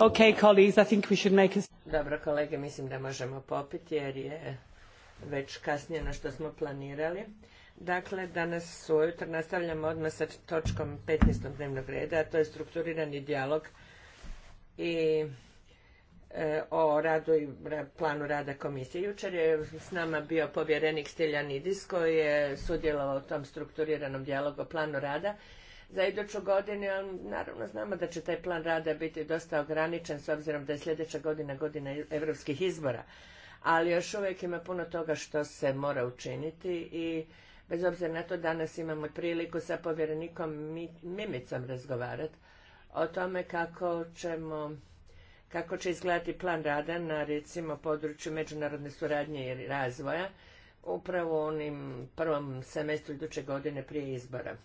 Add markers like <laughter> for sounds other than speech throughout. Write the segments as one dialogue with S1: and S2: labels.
S1: Okay, Dobro, kolege, mislim da možemo popiti jer je već kasnije na što smo planirali. Dakle, danas ujutro nastavljamo odmah sa točkom 15. dnevnog reda, a to je strukturirani dijalog i e, o radu i planu rada komisije. Jučer je s nama bio povjerenik Idis koji je sudjelovao u tom strukturiranom dijalogu o planu rada za iduću godinu, naravno znamo da će taj plan rada biti dosta ograničen s obzirom da je sljedeća godina godina europskih izbora. Ali još uvijek ima puno toga što se mora učiniti i bez obzira na to danas imamo priliku sa povjerenikom Mimicom razgovarati o tome kako ćemo kako će izgledati plan rada na recimo području međunarodne suradnje i razvoja upravo u onim prvom semestru iduće godine prije izbora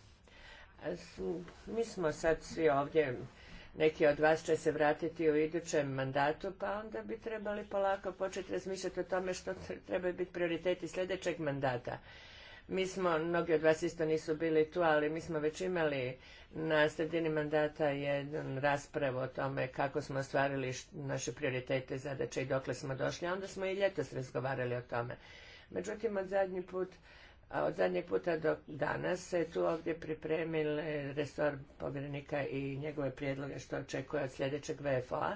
S1: mi smo sad svi ovdje, neki od vas će se vratiti u idućem mandatu, pa onda bi trebali polako početi razmišljati o tome što trebaju biti prioriteti sljedećeg mandata. Mi smo, mnogi od vas isto nisu bili tu, ali mi smo već imali na sredini mandata jedan raspravu o tome kako smo ostvarili naše prioritete, zadaće i dokle smo došli, a onda smo i ljetos razgovarali o tome. Međutim, od zadnji put od zadnjeg puta do danas se tu ovdje pripremili resor povjerenika i njegove prijedloge što očekuje od sljedećeg VFO-a.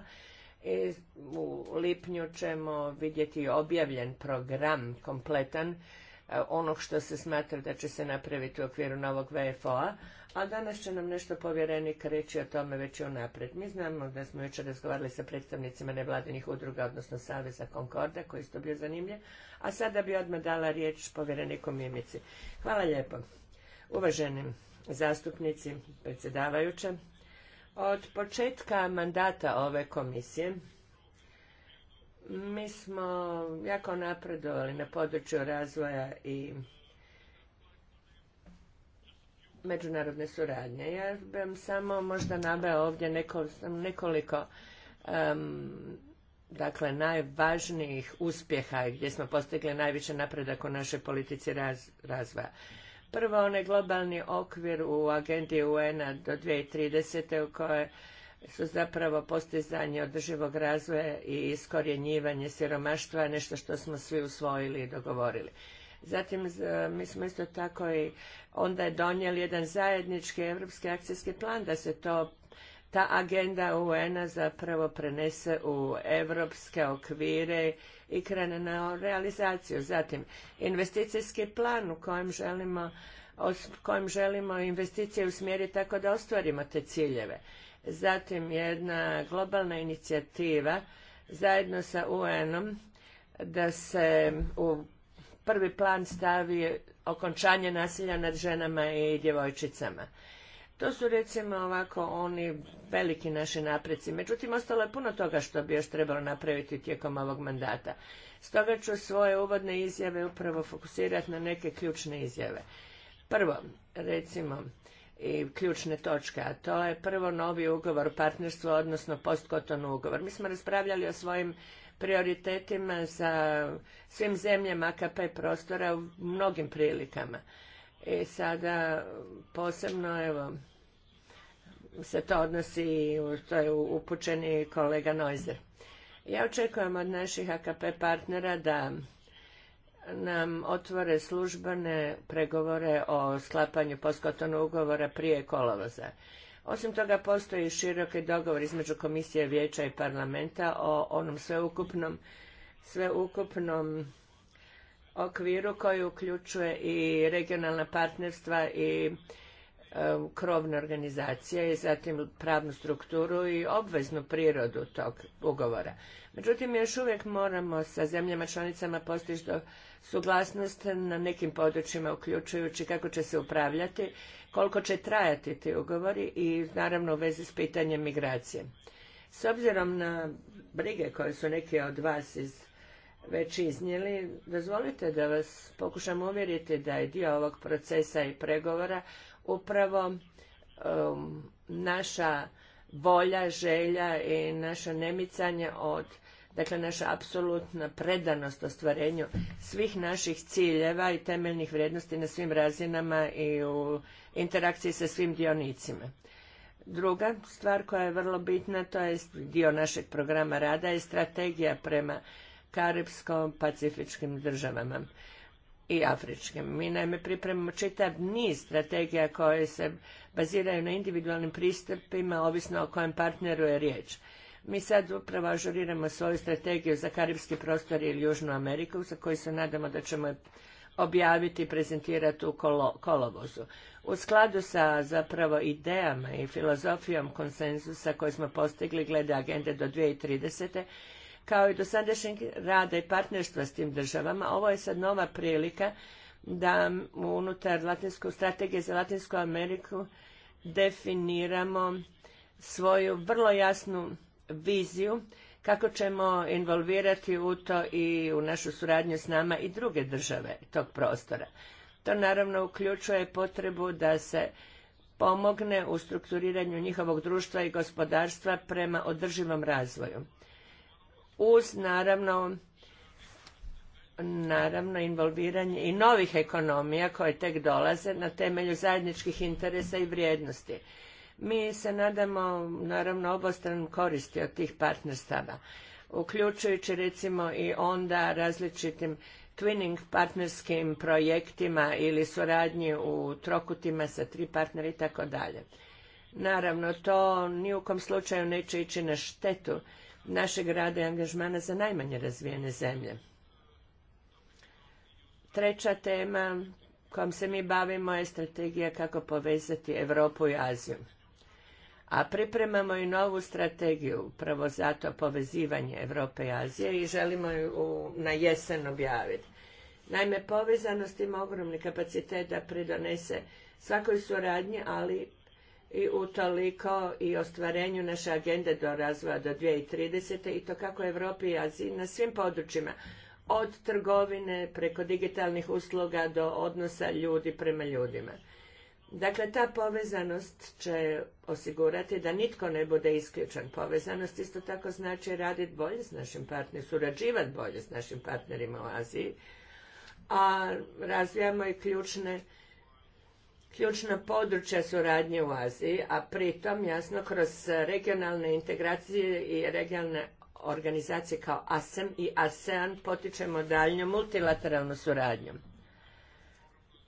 S1: I u lipnju ćemo vidjeti objavljen program kompletan e, onog što se smatra da će se napraviti u okviru novog VFO-a, a danas će nam nešto povjerenik reći o tome već i unaprijed. Mi znamo da smo već razgovarali sa predstavnicima nevladinih udruga, odnosno Saveza Konkorda, koji isto bio zanimljiv, a sada bi odmah dala riječ povjereniku Mimici. Hvala lijepo. Uvaženi zastupnici, predsjedavajuće, od početka mandata ove komisije mi smo jako napredovali na području razvoja i međunarodne suradnje. Ja bih samo možda nabeo ovdje nekoliko um, dakle najvažnijih uspjeha gdje smo postigli najviše napredak u našoj politici razvoja. Prvo, onaj globalni okvir u agendi UN-a do 2030. u kojoj su zapravo postizanje održivog razvoja i iskorjenjivanje siromaštva nešto što smo svi usvojili i dogovorili. Zatim mi smo isto tako i onda je donijeli jedan zajednički europski akcijski plan da se to ta agenda UN-a zapravo prenese u evropske okvire i krene na realizaciju. Zatim, investicijski plan u kojem želimo, u kojem želimo investicije usmjeriti tako da ostvarimo te ciljeve. Zatim, jedna globalna inicijativa zajedno sa UN-om da se u prvi plan stavi okončanje nasilja nad ženama i djevojčicama. To su recimo ovako oni veliki naši napreci. Međutim, ostalo je puno toga što bi još trebalo napraviti tijekom ovog mandata. Stoga ću svoje uvodne izjave upravo fokusirati na neke ključne izjave. Prvo, recimo, i ključne točke, a to je prvo novi ugovor o partnerstvu, odnosno postkotonu ugovor. Mi smo raspravljali o svojim prioritetima za svim zemljama AKP prostora u mnogim prilikama. I e, sada posebno evo se to odnosi, to je upućeni kolega Noizer. Ja očekujem od naših AKP partnera da nam otvore službene pregovore o sklapanju poskotonog ugovora prije kolovoza. Osim toga, postoji široki dogovor između Komisije vijeća i parlamenta o onom sveukupnom, sveukupnom okviru koji uključuje i regionalna partnerstva i e, krovne organizacije i zatim pravnu strukturu i obveznu prirodu tog ugovora. Međutim, još uvijek moramo sa zemljama članicama postići suglasnost na nekim područjima uključujući kako će se upravljati koliko će trajati ti ugovori i naravno u vezi s pitanjem migracije. S obzirom na brige koje su neki od vas iz, već iznijeli, dozvolite da vas pokušam uvjeriti da je dio ovog procesa i pregovora upravo um, naša volja, želja i naše nemicanje od Dakle, naša apsolutna predanost ostvarenju svih naših ciljeva i temeljnih vrijednosti na svim razinama i u interakciji sa svim dionicima. Druga stvar koja je vrlo bitna, to je dio našeg programa rada, je strategija prema karibskom pacifičkim državama i afričkim. Mi naime pripremamo čitav niz strategija koje se baziraju na individualnim pristupima, ovisno o kojem partneru je riječ. Mi sad upravo ažuriramo svoju strategiju za karibski prostor ili Južnu Ameriku, za koju se nadamo da ćemo objaviti i prezentirati u kolovozu. U skladu sa zapravo idejama i filozofijom konsenzusa koji smo postigli glede agende do 2030. kao i do sadašnjeg rada i partnerstva s tim državama, ovo je sad nova prilika da unutar Latinsku, strategije za Latinsku Ameriku definiramo svoju vrlo jasnu viziju kako ćemo involvirati u to i u našu suradnju s nama i druge države tog prostora. To naravno uključuje potrebu da se pomogne u strukturiranju njihovog društva i gospodarstva prema održivom razvoju. Uz naravno naravno involviranje i novih ekonomija koje tek dolaze na temelju zajedničkih interesa i vrijednosti. Mi se nadamo, naravno, obostran koristi od tih partnerstava, uključujući recimo i onda različitim twinning partnerskim projektima ili suradnji u trokutima sa tri partnera i tako dalje. Naravno, to ni u kom slučaju neće ići na štetu našeg rada i angažmana za najmanje razvijene zemlje. Treća tema kojom se mi bavimo je strategija kako povezati Europu i Aziju a pripremamo i novu strategiju upravo zato povezivanje Europe i Azije i želimo ju na jesen objaviti. Naime, povezanost ima ogromni kapacitet da pridonese svakoj suradnji, ali i utoliko i ostvarenju naše agende do razvoja do 2030. i to kako Europi i Aziji na svim područjima, od trgovine preko digitalnih usluga do odnosa ljudi prema ljudima. Dakle, ta povezanost će osigurati da nitko ne bude isključen. Povezanost isto tako znači raditi bolje s našim partnerima, surađivati bolje s našim partnerima u Aziji, a razvijamo i ključne ključna područja suradnje u Aziji, a pritom jasno kroz regionalne integracije i regionalne organizacije kao ASEM i ASEAN potičemo daljnju multilateralnu suradnju.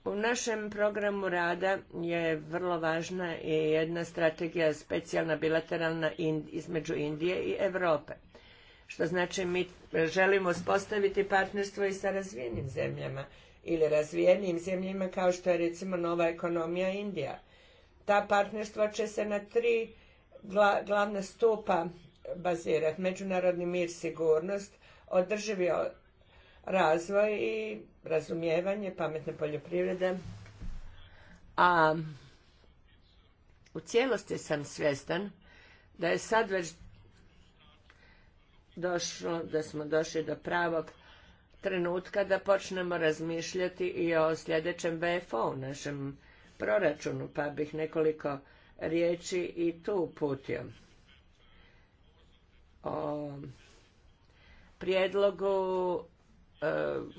S1: U našem programu rada je vrlo važna i jedna strategija specijalna bilateralna između Indije i Europe. Što znači mi želimo spostaviti partnerstvo i sa razvijenim zemljama ili razvijenim zemljama kao što je recimo nova ekonomija Indija. Ta partnerstva će se na tri glavne glavna stupa bazirati. Međunarodni mir, sigurnost, održivi razvoj i razumijevanje pametne poljoprivrede. A u cijelosti sam svjestan da je sad već došlo, da smo došli do pravog trenutka da počnemo razmišljati i o sljedećem BF-u našem proračunu, pa bih nekoliko riječi i tu uputio. O prijedlogu E,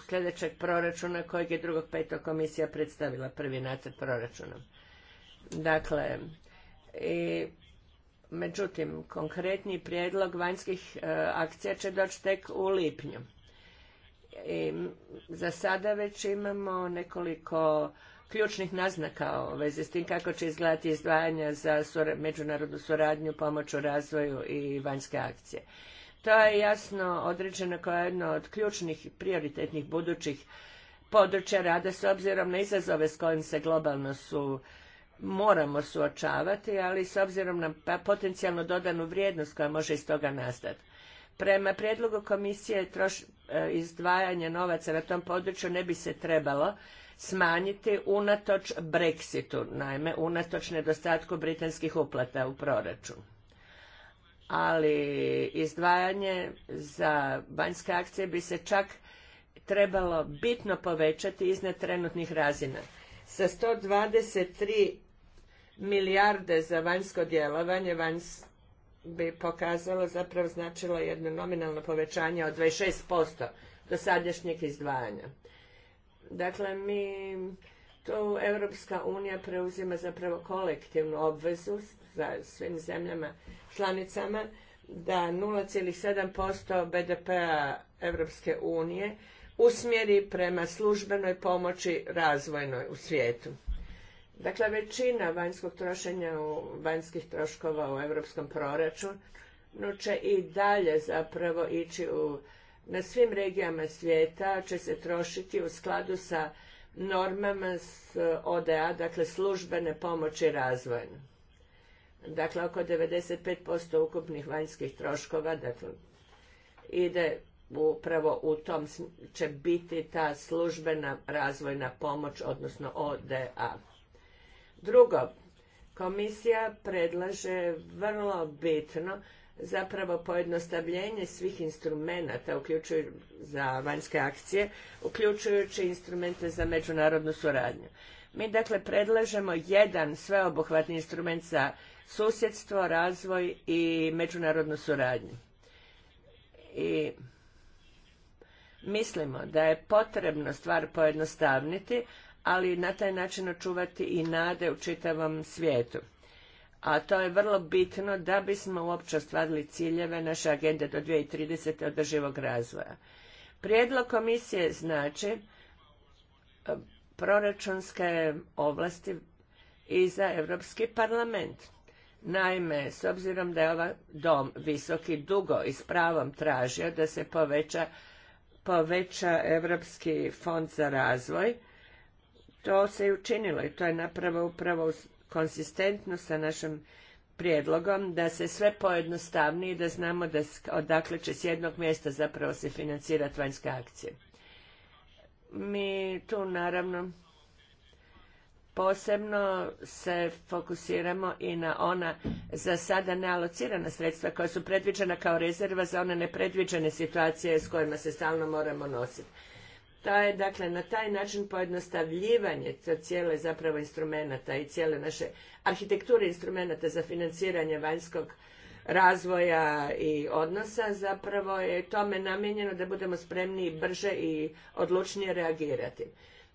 S1: sljedećeg proračuna kojeg je drugog peta komisija predstavila prvi nacrt proračuna. Dakle, i međutim, konkretni prijedlog vanjskih e, akcija će doći tek u lipnju. I za sada već imamo nekoliko ključnih naznaka u vezi s tim kako će izgledati izdvajanja za međunarodnu suradnju, pomoć u razvoju i vanjske akcije. To je jasno određeno kao jedno od ključnih i prioritetnih budućih područja rada s obzirom na izazove s kojim se globalno su moramo suočavati, ali s obzirom na pa, potencijalno dodanu vrijednost koja može iz toga nastati. Prema prijedlogu komisije troš, e, izdvajanje novaca na tom području ne bi se trebalo smanjiti unatoč Brexitu, naime unatoč nedostatku britanskih uplata u proračun ali izdvajanje za vanjske akcije bi se čak trebalo bitno povećati iznad trenutnih razina. Sa 123 milijarde za vanjsko djelovanje van bi pokazalo, zapravo značilo jedno nominalno povećanje od 26% do sadašnjeg izdvajanja. Dakle, mi tu Europska unija preuzima zapravo kolektivnu obvezu za svim zemljama članicama da 0,7% BDP-a Europske unije usmjeri prema službenoj pomoći razvojnoj u svijetu. Dakle, većina vanjskog trošenja, vanjskih troškova u europskom proračunu no će i dalje zapravo ići u, na svim regijama svijeta, će se trošiti u skladu sa normama s ODA, dakle službene pomoći razvojnoj dakle oko 95% ukupnih vanjskih troškova, dakle ide upravo u tom će biti ta službena razvojna pomoć, odnosno ODA. Drugo, komisija predlaže vrlo bitno zapravo pojednostavljenje svih instrumenata uključujući za vanjske akcije, uključujući instrumente za međunarodnu suradnju. Mi dakle predlažemo jedan sveobuhvatni instrument za susjedstvo, razvoj i međunarodnu suradnju. I mislimo da je potrebno stvar pojednostavniti, ali na taj način očuvati i nade u čitavom svijetu. A to je vrlo bitno da bismo uopće ostvarili ciljeve naše agende do 2030. održivog razvoja. Prijedlog komisije znači e, proračunske ovlasti i za Europski parlament. Naime, s obzirom da je ovaj dom visoki dugo i s pravom tražio da se poveća, poveća Evropski fond za razvoj, to se i učinilo i to je napravo upravo konsistentno sa našim prijedlogom da se sve pojednostavni i da znamo da odakle će s jednog mjesta zapravo se financirati vanjske akcije. Mi tu naravno posebno se fokusiramo i na ona za sada nealocirana sredstva koja su predviđena kao rezerva za one nepredviđene situacije s kojima se stalno moramo nositi. To je dakle na taj način pojednostavljivanje cijele zapravo instrumenata i cijele naše arhitekture instrumenata za financiranje vanjskog razvoja i odnosa zapravo je tome namijenjeno da budemo spremni brže i odlučnije reagirati.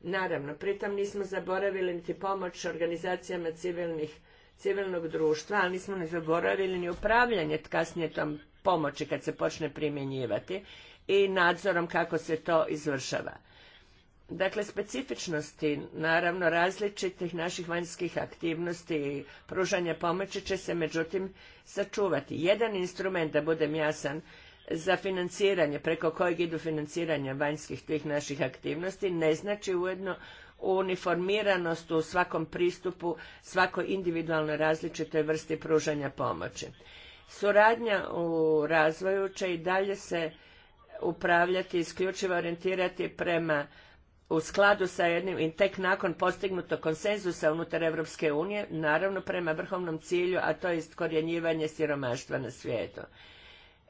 S1: Naravno, pritom nismo zaboravili niti pomoć organizacijama civilnih, civilnog društva, ali nismo ni zaboravili ni upravljanje kasnije tom pomoći kad se počne primjenjivati i nadzorom kako se to izvršava. Dakle, specifičnosti, naravno, različitih naših vanjskih aktivnosti i pružanja pomoći će se, međutim, sačuvati. Jedan instrument, da budem jasan, za financiranje, preko kojeg idu financiranja vanjskih tih naših aktivnosti, ne znači ujedno uniformiranost u svakom pristupu, svakoj individualnoj različitoj vrsti pružanja pomoći. Suradnja u razvoju će i dalje se upravljati, isključivo orijentirati prema u skladu sa jednim i tek nakon postignutog konsenzusa unutar Europske unije, naravno prema vrhovnom cilju, a to je iskorjenjivanje siromaštva na svijetu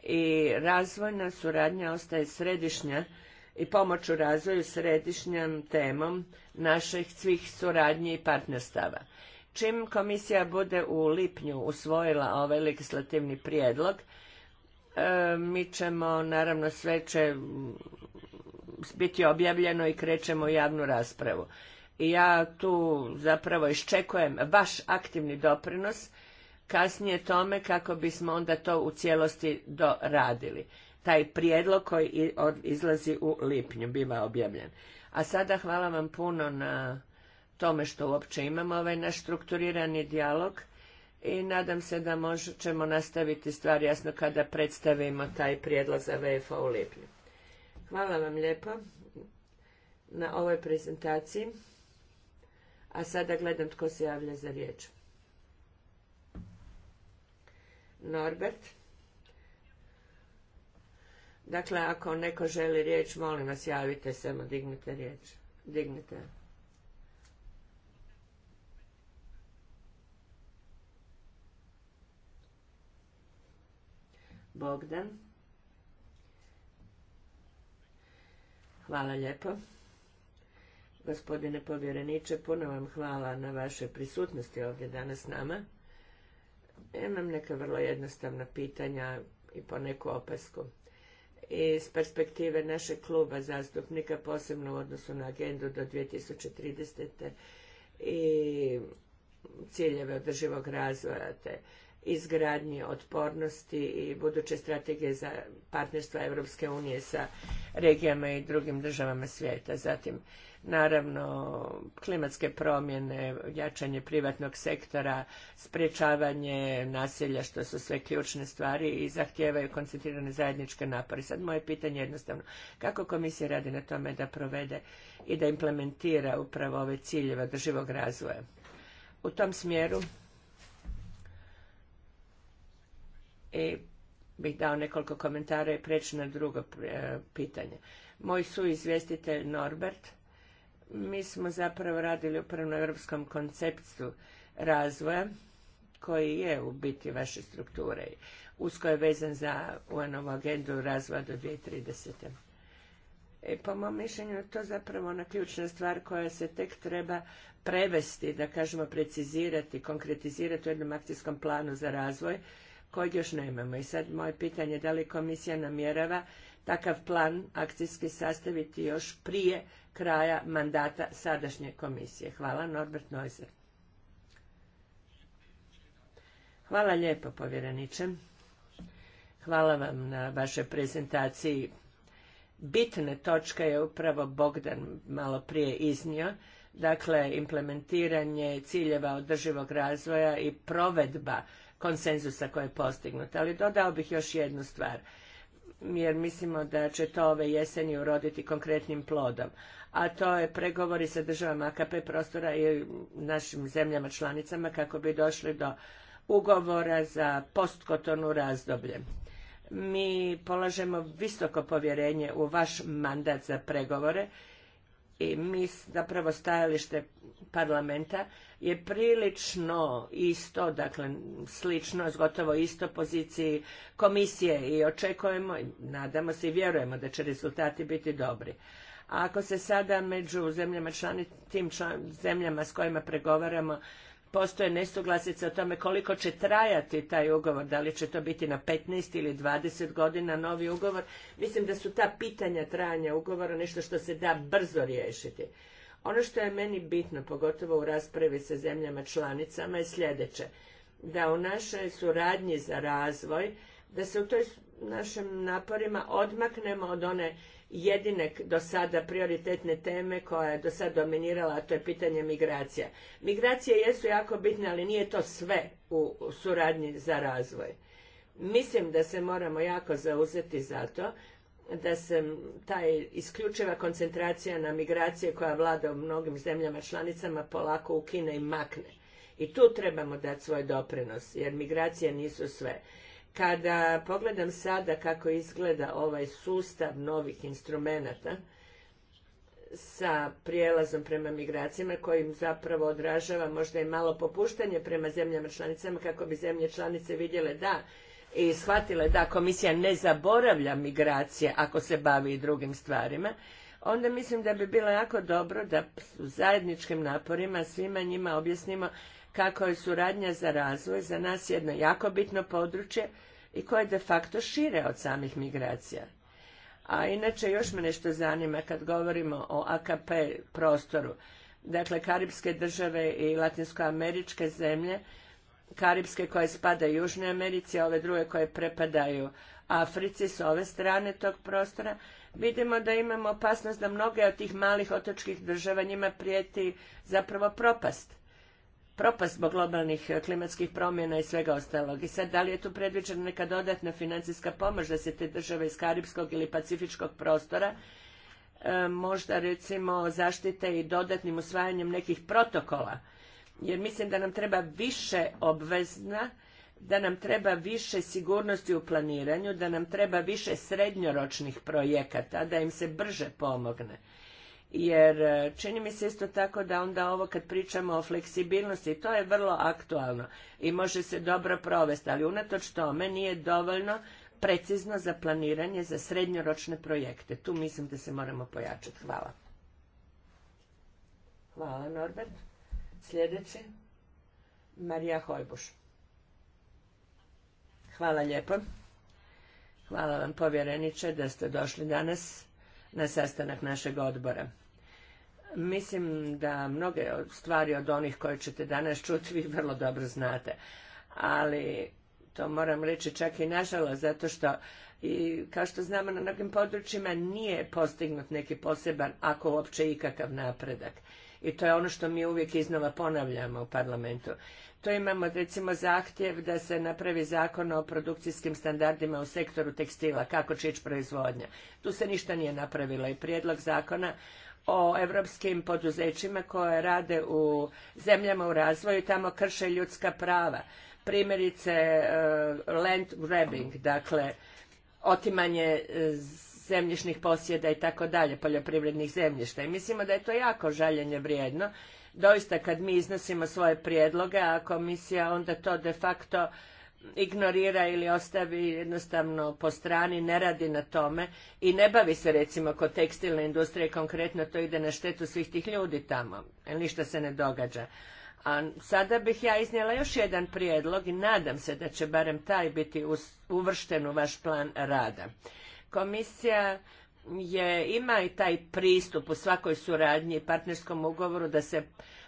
S1: i razvojna suradnja ostaje središnja i pomoć u razvoju središnjom temom naših svih suradnji i partnerstava. Čim komisija bude u lipnju usvojila ovaj legislativni prijedlog, e, mi ćemo, naravno sve će biti objavljeno i krećemo u javnu raspravu. I ja tu zapravo iščekujem vaš aktivni doprinos kasnije tome kako bismo onda to u cijelosti doradili. Taj prijedlog koji izlazi u lipnju biva objavljen. A sada hvala vam puno na tome što uopće imamo ovaj naš strukturirani dijalog i nadam se da ćemo nastaviti stvar jasno kada predstavimo taj prijedlog za VFO u lipnju. Hvala vam lijepo na ovoj prezentaciji. A sada gledam tko se javlja za riječ. Norbert. Dakle, ako neko želi riječ, molim vas, javite se, samo dignite riječ. Dignite. Bogdan. Hvala lijepo. Gospodine povjereniče, puno vam hvala na vašoj prisutnosti ovdje danas s nama. Imam neka vrlo jednostavna pitanja i poneku opasku. Iz perspektive našeg kluba zastupnika, posebno u odnosu na agendu do 2030. i ciljeve održivog razvoja, te izgradnji otpornosti i buduće strategije za partnerstva Europske unije sa regijama i drugim državama svijeta. Zatim, Naravno, klimatske promjene, jačanje privatnog sektora, sprječavanje nasilja, što su sve ključne stvari i zahtijevaju koncentrirane zajedničke napore. Sad moje pitanje je jednostavno, kako komisija radi na tome da provede i da implementira upravo ove ciljeve održivog razvoja? U tom smjeru i bih dao nekoliko komentara i preći na drugo e, pitanje. Moj su Norbert mi smo zapravo radili upravo na europskom konceptu razvoja koji je u biti vaše strukture. Usko je vezan za UN-ovu agendu razvoja do 2030. I e, po mom mišljenju to zapravo ona ključna stvar koja se tek treba prevesti, da kažemo precizirati, konkretizirati u jednom akcijskom planu za razvoj kojeg još nemamo. I sad moje pitanje je da li komisija namjerava takav plan akcijski sastaviti još prije kraja mandata sadašnje komisije. Hvala, Norbert Neuser. Hvala lijepo, povjereniče. Hvala vam na vašoj prezentaciji. Bitne točke je upravo Bogdan malo prije iznio, dakle implementiranje ciljeva održivog razvoja i provedba konsenzusa koji je postignut. Ali dodao bih još jednu stvar jer mislimo da će to ove jeseni uroditi konkretnim plodom. A to je pregovori sa državama AKP prostora i našim zemljama članicama kako bi došli do ugovora za postkotonu razdoblje. Mi polažemo visoko povjerenje u vaš mandat za pregovore i mi zapravo stajalište parlamenta je prilično isto, dakle slično, gotovo isto poziciji komisije i očekujemo, nadamo se i vjerujemo da će rezultati biti dobri. A ako se sada među zemljama članitim, tim zemljama s kojima pregovaramo postoje nesuglasice o tome koliko će trajati taj ugovor, da li će to biti na 15 ili 20 godina novi ugovor. Mislim da su ta pitanja trajanja ugovora nešto što se da brzo riješiti. Ono što je meni bitno, pogotovo u raspravi sa zemljama članicama, je sljedeće. Da u našoj suradnji za razvoj, da se u toj našim naporima odmaknemo od one jedine do sada prioritetne teme koja je do sada dominirala, a to je pitanje migracija. Migracije jesu jako bitne, ali nije to sve u suradnji za razvoj. Mislim da se moramo jako zauzeti za to da se taj isključiva koncentracija na migracije koja vlada u mnogim zemljama članicama polako ukine i makne. I tu trebamo dati svoj doprinos, jer migracije nisu sve. Kada pogledam sada kako izgleda ovaj sustav novih instrumenata sa prijelazom prema migracijama kojim zapravo odražava možda i malo popuštanje prema zemljama članicama kako bi zemlje članice vidjele da i shvatile da komisija ne zaboravlja migracije ako se bavi i drugim stvarima, onda mislim da bi bilo jako dobro da zajedničkim naporima svima njima objasnimo kako je suradnja za razvoj za nas jedno jako bitno područje i koje de facto šire od samih migracija. A inače još me nešto zanima kad govorimo o AKP prostoru. Dakle, karibske države i latinskoameričke zemlje, karibske koje spadaju Južnoj Americi, a ove druge koje prepadaju Africi s ove strane tog prostora, vidimo da imamo opasnost da mnoge od tih malih otočkih država njima prijeti zapravo propast propast zbog globalnih e, klimatskih promjena i svega ostalog. I sad, da li je tu predviđena neka dodatna financijska pomoć da se te države iz karibskog ili pacifičkog prostora e, možda recimo zaštite i dodatnim usvajanjem nekih protokola? Jer mislim da nam treba više obvezna, da nam treba više sigurnosti u planiranju, da nam treba više srednjoročnih projekata, da im se brže pomogne jer e, čini mi se isto tako da onda ovo kad pričamo o fleksibilnosti, to je vrlo aktualno i može se dobro provesti, ali unatoč tome nije dovoljno precizno za planiranje za srednjoročne projekte. Tu mislim da se moramo pojačati. Hvala. Hvala Norbert. Sljedeći, Marija Hojbuš. Hvala lijepo. Hvala vam povjereniče da ste došli danas na sastanak našeg odbora. Mislim da mnoge stvari od onih koje ćete danas čuti vi vrlo dobro znate, ali to moram reći čak i nažalost, zato što i kao što znamo na mnogim područjima nije postignut neki poseban, ako uopće ikakav napredak i to je ono što mi uvijek iznova ponavljamo u parlamentu. To imamo recimo zahtjev da se napravi zakon o produkcijskim standardima u sektoru tekstila, kako će ići proizvodnja. Tu se ništa nije napravilo i prijedlog zakona o europskim poduzećima koje rade u zemljama u razvoju i tamo krše ljudska prava. Primjerice eh, land grabbing, dakle otimanje eh, zemljišnih posjeda i tako dalje, poljoprivrednih zemljišta. I mislimo da je to jako žaljenje vrijedno. Doista kad mi iznosimo svoje prijedloge, a komisija onda to de facto ignorira ili ostavi jednostavno po strani, ne radi na tome i ne bavi se recimo kod tekstilne industrije, konkretno to ide na štetu svih tih ljudi tamo, ništa se ne događa. A sada bih ja iznijela još jedan prijedlog i nadam se da će barem taj biti uvršten u vaš plan rada. Komisija je, ima i taj pristup u svakoj suradnji i partnerskom ugovoru da se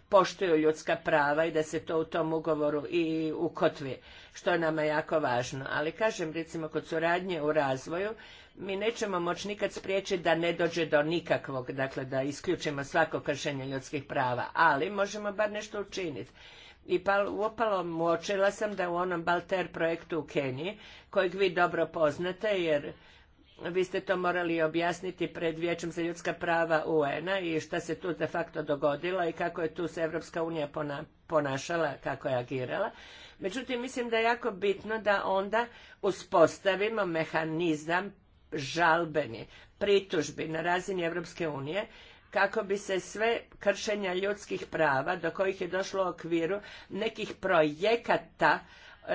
S1: poštuju ljudska prava i da se to u tom ugovoru i ukotvi, što je nama jako važno. Ali kažem, recimo, kod suradnje u razvoju, mi nećemo moći nikad spriječiti da ne dođe do nikakvog, dakle da isključimo svako kršenje ljudskih prava, ali možemo bar nešto učiniti. I upalo uočila sam da u onom Balter projektu u Keniji, kojeg vi dobro poznate, jer vi ste to morali objasniti pred Vijećem za ljudska prava UN-a i šta se tu de facto dogodilo i kako je tu se Evropska unija ponašala, kako je agirala. Međutim, mislim da je jako bitno da onda uspostavimo mehanizam žalbeni, pritužbi na razini Evropske unije kako bi se sve kršenja ljudskih prava do kojih je došlo u okviru nekih projekata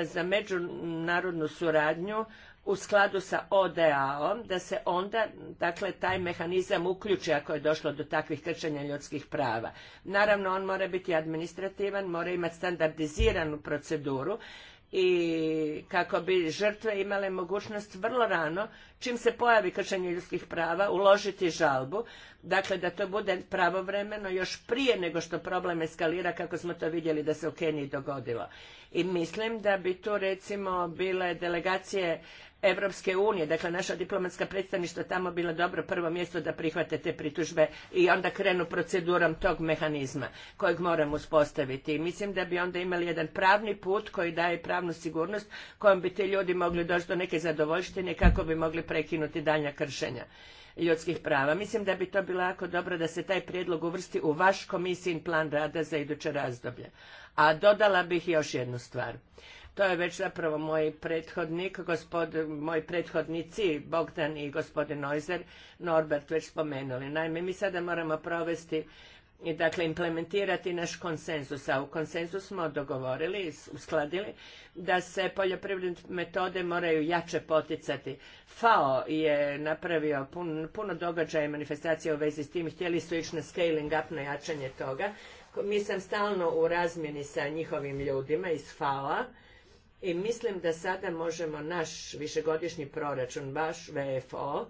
S1: za međunarodnu suradnju u skladu sa ODA-om, da se onda, dakle, taj mehanizam uključi ako je došlo do takvih kršenja ljudskih prava. Naravno, on mora biti administrativan, mora imati standardiziranu proceduru i kako bi žrtve imale mogućnost vrlo rano, čim se pojavi kršenje ljudskih prava, uložiti žalbu, dakle da to bude pravovremeno još prije nego što problem eskalira kako smo to vidjeli da se u Keniji dogodilo. I mislim da bi tu recimo bile delegacije Evropske unije, dakle naša diplomatska predstavništva tamo bilo dobro prvo mjesto da prihvate te pritužbe i onda krenu procedurom tog mehanizma kojeg moramo uspostaviti. I mislim da bi onda imali jedan pravni put koji daje pravnu sigurnost kojom bi ti ljudi mogli doći do neke zadovoljštine kako bi mogli prekinuti daljnja kršenja ljudskih prava. Mislim da bi to bilo jako dobro da se taj prijedlog uvrsti u vaš komisijin plan rada za iduće razdoblje. A dodala bih još jednu stvar. To je već zapravo moj prethodnik, gospod, moj prethodnici Bogdan i gospodin Neuser, Norbert već spomenuli. Naime, mi sada moramo provesti i dakle implementirati naš konsenzus, a u konsenzus smo dogovorili i uskladili da se poljoprivredne metode moraju jače poticati. FAO je napravio pun, puno događaja i manifestacija u vezi s tim, htjeli su ići na scaling up, na jačanje toga. Mi sam stalno u razmjeni sa njihovim ljudima iz FAO-a i mislim da sada možemo naš višegodišnji proračun, baš VFO,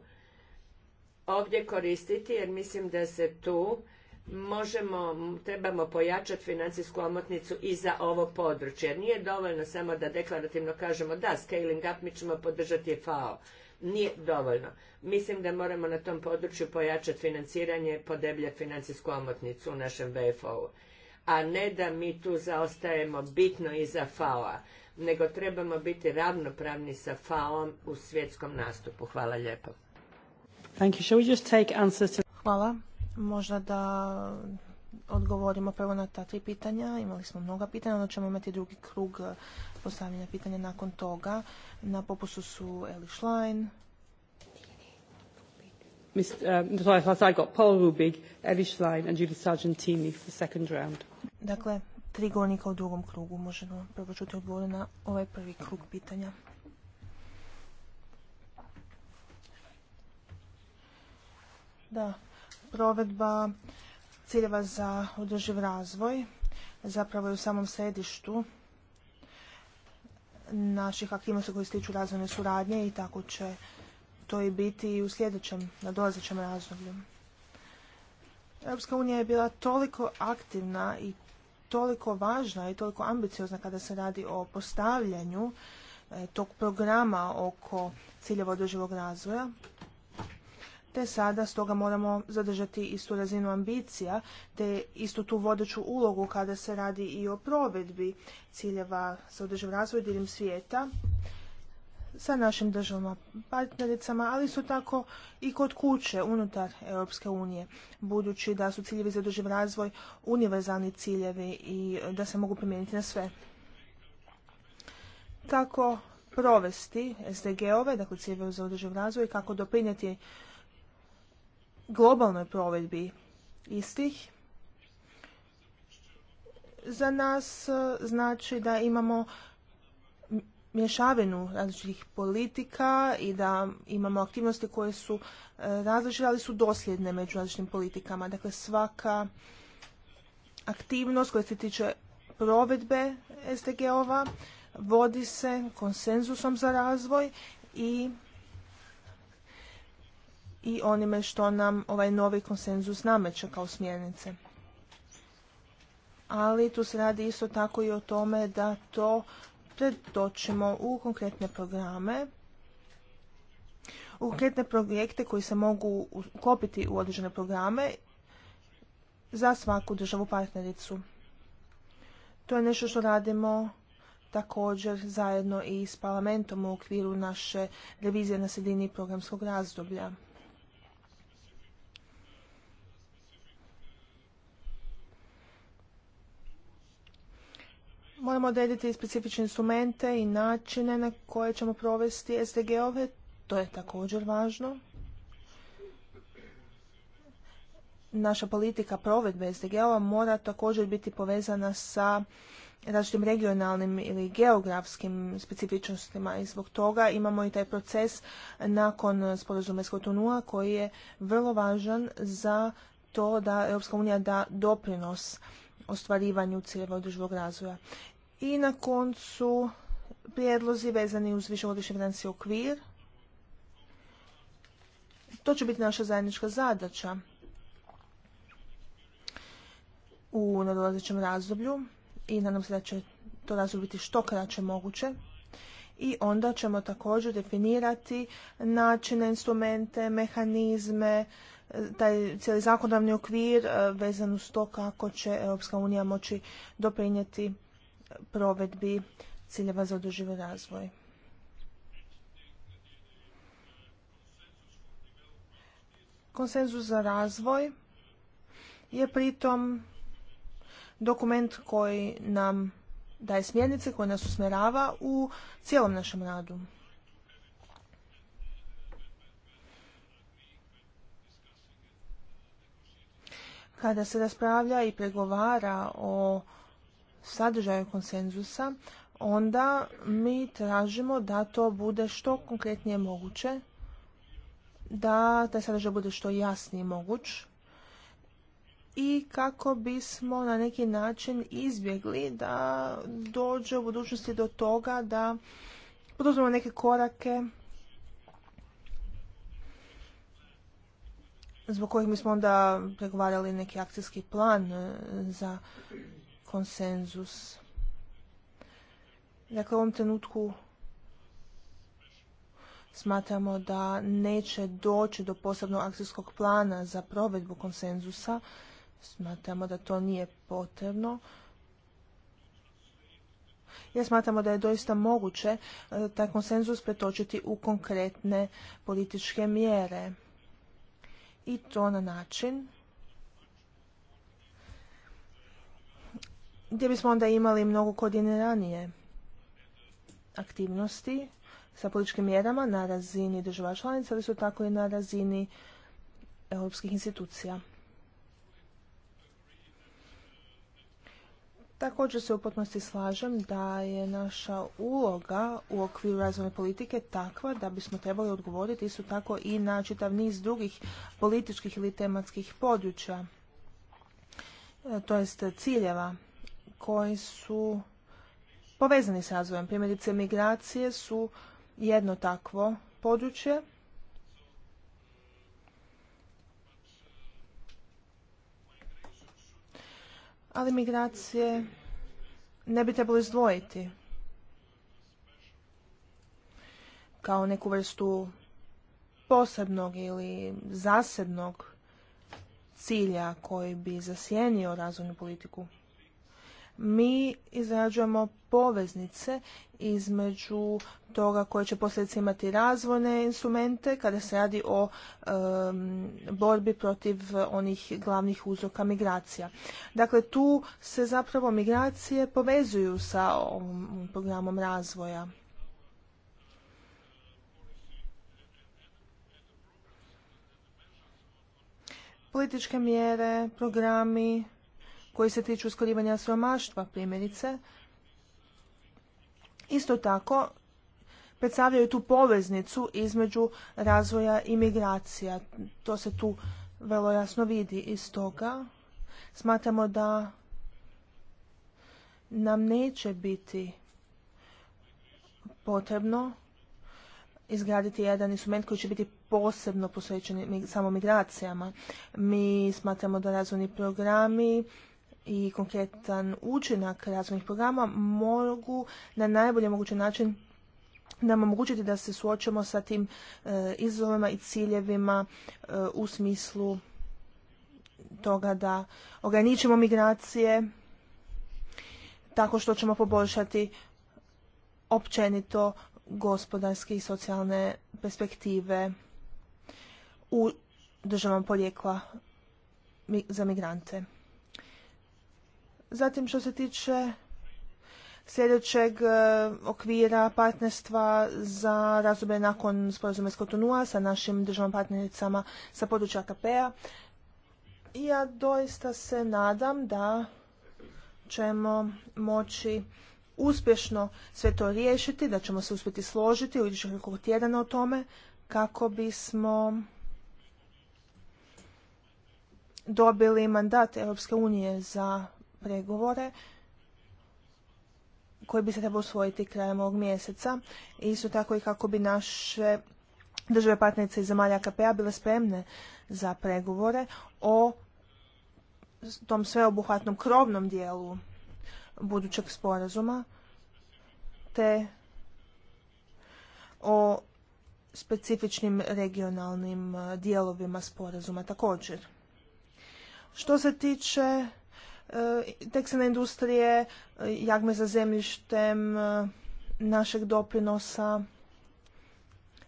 S1: ovdje koristiti jer mislim da se tu možemo, trebamo pojačati financijsku omotnicu i za ovo područje. Jer nije dovoljno samo da deklarativno kažemo da, scaling up, mi ćemo podržati FAO. Nije dovoljno. Mislim da moramo na tom području pojačati financiranje, podebljati financijsku omotnicu u našem VFO-u. A ne da mi tu zaostajemo bitno iza FAO-a nego trebamo biti ravnopravni sa fao u svjetskom nastupu. Hvala lijepo.
S2: Thank Hvala. Možda da odgovorimo prvo na ta tri pitanja. Imali smo mnoga pitanja, onda ćemo imati drugi krug eh, postavljanja pitanja nakon toga. Na popusu su Eli Schlein. Eh, I Dakle, tri govornika u drugom krugu. Možemo prvo čuti odgovore na ovaj prvi krug pitanja. Da, provedba ciljeva za održiv razvoj zapravo je u samom središtu naših aktivnosti koje se tiču razvojne suradnje i tako će to i biti i u sljedećem, nadolazećem razdoblju. Europska unija je bila toliko aktivna i toliko važna i toliko ambiciozna kada se radi o postavljanju e, tog programa oko ciljeva održivog razvoja, te sada stoga moramo zadržati istu razinu ambicija, te istu tu vodeću ulogu kada se radi i o provedbi ciljeva za razvoja razvoj diljem svijeta sa našim državama partnericama, ali su tako i kod kuće unutar Europske unije, budući da su ciljevi za održiv razvoj univerzalni ciljevi i da se mogu primijeniti na sve. Kako provesti SDG-ove, dakle ciljeve za održiv razvoj, kako doprinijeti globalnoj provedbi istih, za nas e, znači da imamo mješavinu različitih politika i da imamo aktivnosti koje su e, različite, ali su dosljedne među različitim politikama. Dakle, svaka aktivnost koja se tiče provedbe SDG-ova vodi se konsenzusom za razvoj i i onime što nam ovaj novi konsenzus nameće kao smjernice. Ali tu se radi isto tako i o tome da to doćemo u konkretne programe, u konkretne projekte koji se mogu ukopiti u određene programe za svaku državu partnericu. To je nešto što radimo također zajedno i s parlamentom u okviru naše revizije na sredini programskog razdoblja. Moramo odrediti specifične instrumente i načine na koje ćemo provesti SDG-ove, to je također važno. Naša politika provedbe SDG-ova mora također biti povezana sa različitim regionalnim ili geografskim specifičnostima i zbog toga imamo i taj proces nakon sporazuma iz Kotonua koji je vrlo važan za to da Europska unija da doprinos ostvarivanju ciljeva održivog razvoja. I na koncu prijedlozi vezani uz višegodišnji financijski okvir. To će biti naša zajednička zadaća u nadolazećem razdoblju i nadam se da će to razdoblje biti što kraće moguće. I onda ćemo također definirati načine, instrumente, mehanizme, e, taj cijeli zakonodavni okvir e, vezan uz to kako će Europska unija moći doprinijeti provedbi ciljeva za održivi razvoj. Konsenzus za razvoj je pritom dokument koji nam daje smjernice, koji nas usmjerava u cijelom našem radu. Kada se raspravlja i pregovara o sadržaju konsenzusa, onda mi tražimo da to bude što konkretnije moguće, da taj sadržaj bude što jasniji moguć i kako bismo na neki način izbjegli da dođe u budućnosti do toga da poduzmemo neke korake zbog kojih bismo onda pregovarali neki akcijski plan e, za konsenzus. Dakle, u ovom trenutku smatramo da neće doći do posebnog akcijskog plana za provedbu konsenzusa. Smatramo da to nije potrebno. Ja smatramo da je doista moguće e, taj konsenzus pretočiti u konkretne političke mjere. I to na način gdje bismo onda imali mnogo koordiniranije aktivnosti sa političkim mjerama na razini država članica, ali su tako i na razini europskih institucija. Također se u potpunosti slažem da je naša uloga u okviru razvojne politike takva da bismo trebali odgovoriti isto tako i na čitav niz drugih političkih ili tematskih područja, e, to jest ciljeva koji su povezani s razvojem. Primjerice, migracije su jedno takvo područje. Ali migracije ne bi trebalo izdvojiti kao neku vrstu posebnog ili zasebnog cilja koji bi zasjenio razvojnu politiku mi izrađujemo poveznice između toga koje će posljedice imati razvojne instrumente kada se radi o borbi protiv onih glavnih uzroka migracija. Dakle, tu se zapravo migracije povezuju sa ovom programom razvoja. Političke mjere, programi, koji se tiču iskorivanja siromaštva primjerice, isto tako predstavljaju tu poveznicu između razvoja i migracija. To se tu vrlo jasno vidi iz toga. Smatramo da nam neće biti potrebno izgraditi jedan instrument koji će biti posebno posvećen samo migracijama. Mi smatramo da razvojni programi i konkretan učinak razvojnih programa mogu na najbolji mogući način nam omogućiti da se suočemo sa tim eh, izazovima i ciljevima eh, u smislu toga da ograničimo migracije tako što ćemo poboljšati općenito gospodarske i socijalne perspektive u državama porijekla za migrante. Zatim što se tiče sljedećeg e, okvira partnerstva za razdoblje nakon sporazuma s Kotonua sa našim državnim partnericama sa područja AKP-a. I ja doista se nadam da ćemo moći uspješno sve to riješiti, da ćemo se uspjeti složiti u idućih nekoliko tjedana o tome kako bismo dobili mandat Europske unije za pregovore koji bi se trebao usvojiti krajem ovog mjeseca. Isto tako i kako bi naše države partnerice iz zemalja KPA bile spremne za pregovore o tom sveobuhvatnom krovnom dijelu budućeg sporazuma te o specifičnim regionalnim dijelovima sporazuma također. Što se tiče E, tekstilne industrije, e, jagme za zemljištem, e, našeg doprinosa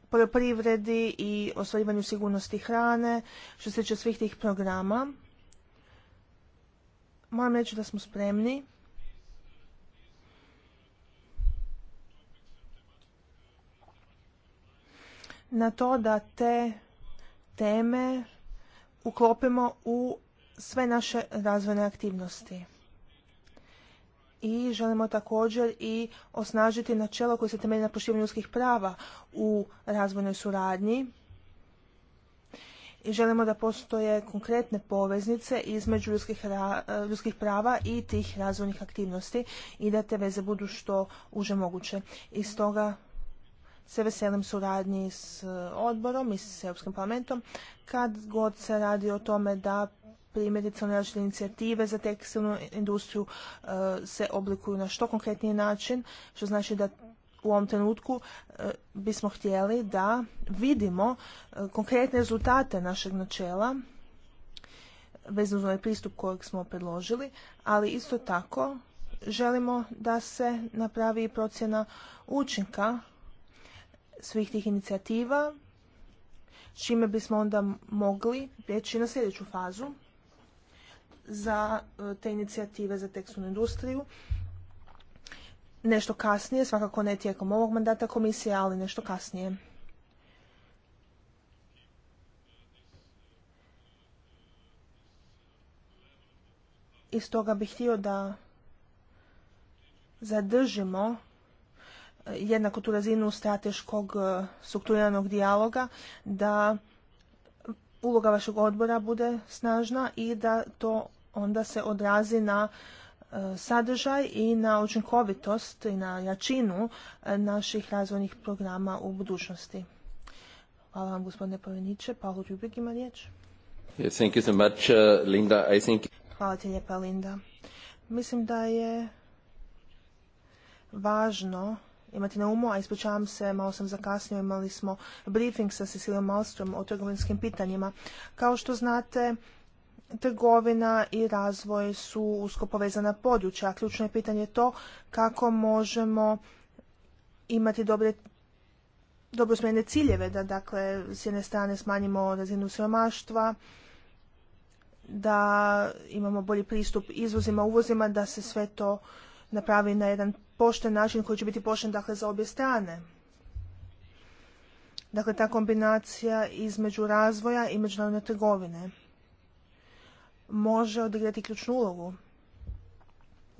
S2: poljoprivredi i ostvarivanju sigurnosti hrane, što se tiče svih tih programa. Moram reći da smo spremni. na to da te teme uklopimo u sve naše razvojne aktivnosti. I želimo također i osnažiti načelo koje se temelji na poštivanju ljudskih prava u razvojnoj suradnji. I želimo da postoje konkretne poveznice između ljudskih, ljudskih prava i tih razvojnih aktivnosti i da te veze budu što uže moguće. I stoga se veselim suradnji s odborom i s Europskim parlamentom kad god se radi o tome da primjerice one različite inicijative za tekstilnu industriju e, se oblikuju na što konkretniji način, što znači da u ovom trenutku e, bismo htjeli da vidimo e, konkretne rezultate našeg načela vezano za ovaj pristup kojeg smo predložili, ali isto tako želimo da se napravi procjena učinka svih tih inicijativa, čime bismo onda mogli prijeći na sljedeću fazu, za e, te inicijative za tekstilnu industriju. Nešto kasnije, svakako ne tijekom ovog mandata komisije, ali nešto kasnije. I stoga bih htio da zadržimo e, jednako tu razinu strateškog e, strukturiranog dijaloga, da uloga vašeg odbora bude snažna i da to onda se odrazi na e, sadržaj i na učinkovitost i na jačinu e, naših razvojnih programa u budućnosti. Hvala vam gospodine poveniče. Paolo Ljubik ima riječ. Uh, Hvala ti Linda. Mislim da je važno imati na umu, a ispričavam se, malo sam zakasnio, imali smo briefing sa Cecilijom Malstrom o trgovinskim pitanjima. Kao što znate, trgovina i razvoj su usko povezana područja. Ključno je pitanje to kako možemo imati dobre dobro smjene ciljeve, da dakle s jedne strane smanjimo razinu siromaštva, da imamo bolji pristup izvozima, uvozima, da se sve to napravi na jedan pošten način koji će biti pošten dakle za obje strane. Dakle, ta kombinacija između razvoja i međunarodne trgovine može odigrati ključnu ulogu.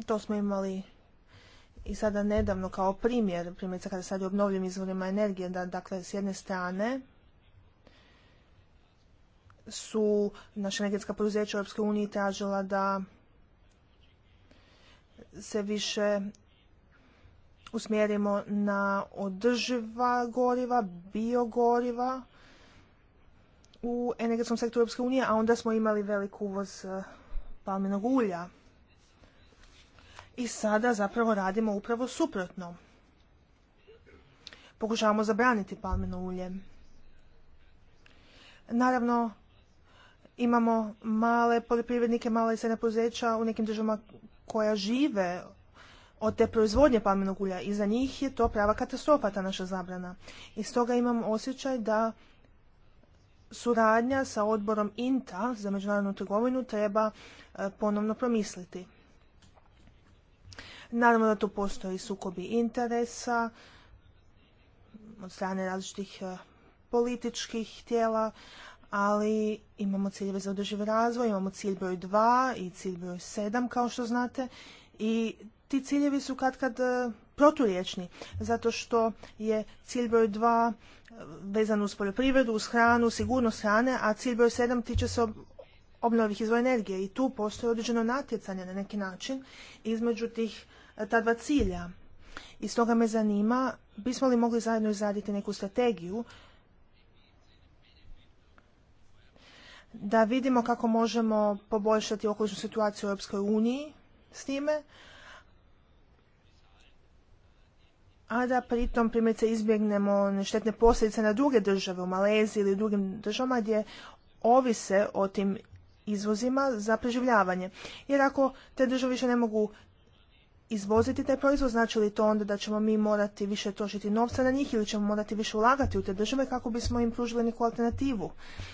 S2: To smo imali i sada nedavno kao primjer, primjerice kada sad obnovljivim izvorima energije, da dakle s jedne strane su naša energetska poduzeća u EU tražila da se više usmjerimo na održiva goriva, biogoriva, u energetskom sektoru Europske unije, a onda smo imali velik uvoz e, palminog ulja. I sada zapravo radimo upravo suprotno. Pokušavamo zabraniti palmino ulje. Naravno, imamo male poljoprivrednike, male i srednja poduzeća u nekim državama koja žive od te proizvodnje palminog ulja i za njih je to prava katastrofa ta naša zabrana. I stoga imam osjećaj da suradnja sa odborom INTA za međunarodnu trgovinu treba e, ponovno promisliti. Naravno da tu postoji sukobi interesa od strane različitih e, političkih tijela, ali imamo ciljeve za održivi razvoj, imamo cilj broj 2 i cilj broj 7 kao što znate i ti ciljevi su kad kad e, proturječni, zato što je cilj broj 2 eh, vezan uz poljoprivredu, uz hranu, sigurnost hrane, a cilj broj 7 tiče se obnovih izvora energije i tu postoji određeno natjecanje na neki način između tih eh, ta dva cilja. I stoga me zanima, bismo li mogli zajedno izraditi neku strategiju da vidimo kako možemo poboljšati okoličnu situaciju u Europskoj uniji s time, a da pritom primjerice izbjegnemo štetne posljedice na druge države u Maleziji ili drugim državama gdje ovise o tim izvozima za preživljavanje. Jer ako te države više ne mogu izvoziti taj proizvod, znači li to onda da ćemo mi morati više trošiti novca na njih ili ćemo morati više ulagati u te države kako bismo im pružili neku alternativu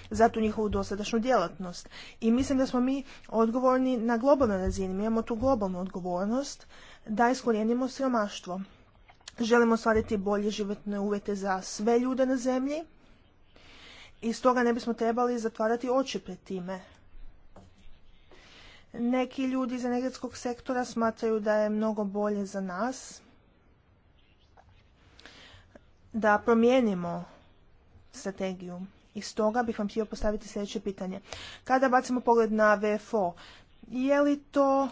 S2: za tu njihovu dosadašnju djelatnost. I mislim da smo mi odgovorni na globalnoj razini, mi imamo tu globalnu odgovornost da iskorijenimo siromaštvo. Želimo stvariti bolje životne uvjete za sve ljude na zemlji i stoga ne bismo trebali zatvarati oči pred time. Neki ljudi iz energetskog sektora smatraju da je mnogo bolje za nas da promijenimo strategiju. I stoga bih vam htio postaviti sljedeće pitanje. Kada bacimo pogled na VFO, je li to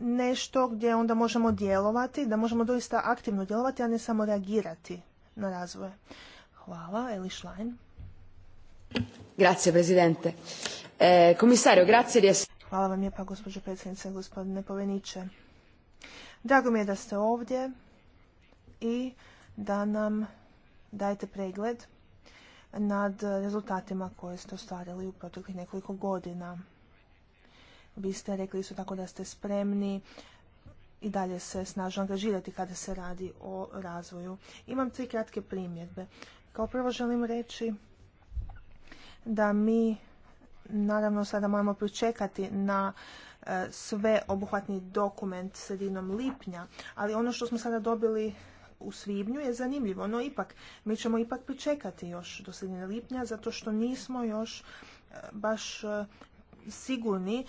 S2: nešto gdje onda možemo djelovati, da možemo doista aktivno djelovati, a ne samo reagirati na razvoje. Hvala, Eli Schlein.
S1: Grazie,
S3: Presidente. komisario, eh, grazie di
S2: Hvala vam lijepa, gospođo predsjednice, gospodine poveniče. Drago mi je da ste ovdje i da nam dajete pregled nad rezultatima koje ste ostvarili u proteklih nekoliko godina. Vi ste rekli isto tako da ste spremni i dalje se snažno angažirati kada se radi o razvoju. Imam tri kratke primjedbe. Kao prvo želim reći da mi naravno sada moramo pričekati na e, sve obuhvatni dokument sredinom lipnja, ali ono što smo sada dobili u svibnju je zanimljivo, no ipak mi ćemo ipak pričekati još do sredine lipnja zato što nismo još e, baš e, sigurni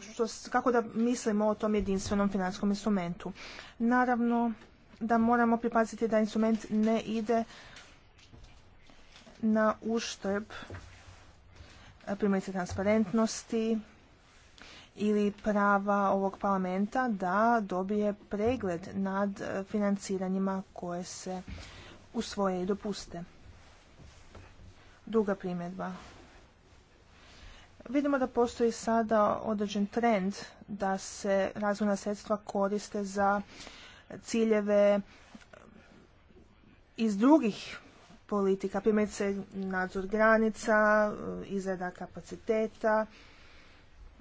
S2: što, kako da mislimo o tom jedinstvenom financijskom instrumentu. Naravno da moramo pripaziti da instrument ne ide na uštrb primjerice transparentnosti ili prava ovog parlamenta da dobije pregled nad financiranjima koje se usvoje i dopuste. Druga primjedba Vidimo da postoji sada određen trend da se razvojna sredstva koriste za ciljeve iz drugih politika, primjerice nadzor granica, izrada kapaciteta,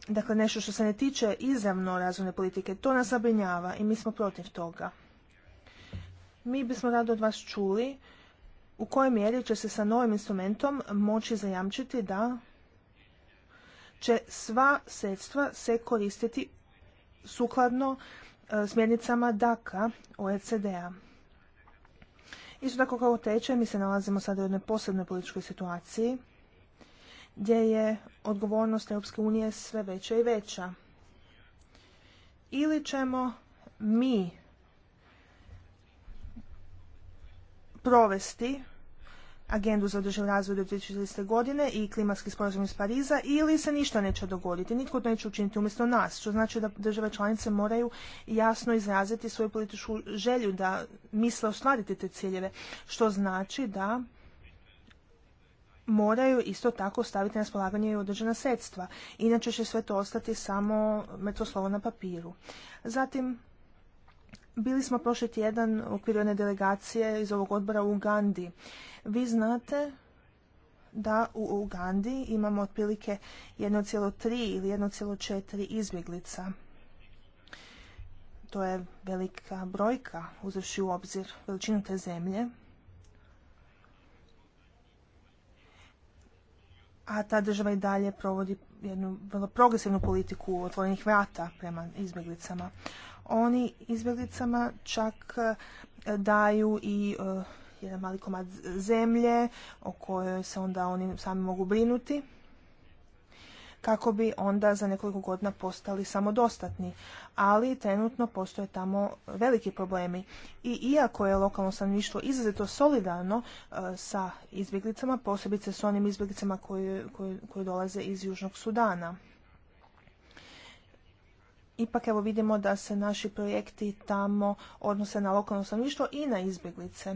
S2: dakle nešto što se ne tiče izravno razvojne politike, to nas zabrinjava i mi smo protiv toga. Mi bismo rado od vas čuli u kojoj mjeri će se sa novim instrumentom moći zajamčiti da će sva sredstva se koristiti sukladno e, smjernicama DAKA OECD-a. Isto tako kao teče, mi se nalazimo sada u jednoj posebnoj političkoj situaciji gdje je odgovornost Europske unije sve veća i veća. Ili ćemo mi provesti agendu za održiv razvoj do 2030. godine i klimatski sporazum iz Pariza ili se ništa neće dogoditi, nitko to neće učiniti umjesto nas, što znači da države članice moraju jasno izraziti svoju političku želju da misle ostvariti te ciljeve, što znači da moraju isto tako staviti na raspolaganje i određena sredstva. Inače će sve to ostati samo metoslovo na papiru. Zatim, bili smo prošli tjedan u okviru jedne delegacije iz ovog odbora u Ugandi. Vi znate da u Ugandi imamo otprilike 1,3 ili 1,4 izbjeglica. To je velika brojka, uzevši u obzir veličinu te zemlje. A ta država i dalje provodi jednu vrlo progresivnu politiku otvorenih vrata prema izbjeglicama oni izbjeglicama čak e, daju i e, jedan mali komad zemlje o kojoj se onda oni sami mogu brinuti kako bi onda za nekoliko godina postali samodostatni. Ali trenutno postoje tamo veliki problemi. I iako je lokalno stanovništvo izrazito solidarno e, sa izbjeglicama, posebice s onim izbjeglicama koji koje dolaze iz Južnog Sudana ipak evo vidimo da se naši projekti tamo odnose na lokalno stanovništvo i na izbjeglice.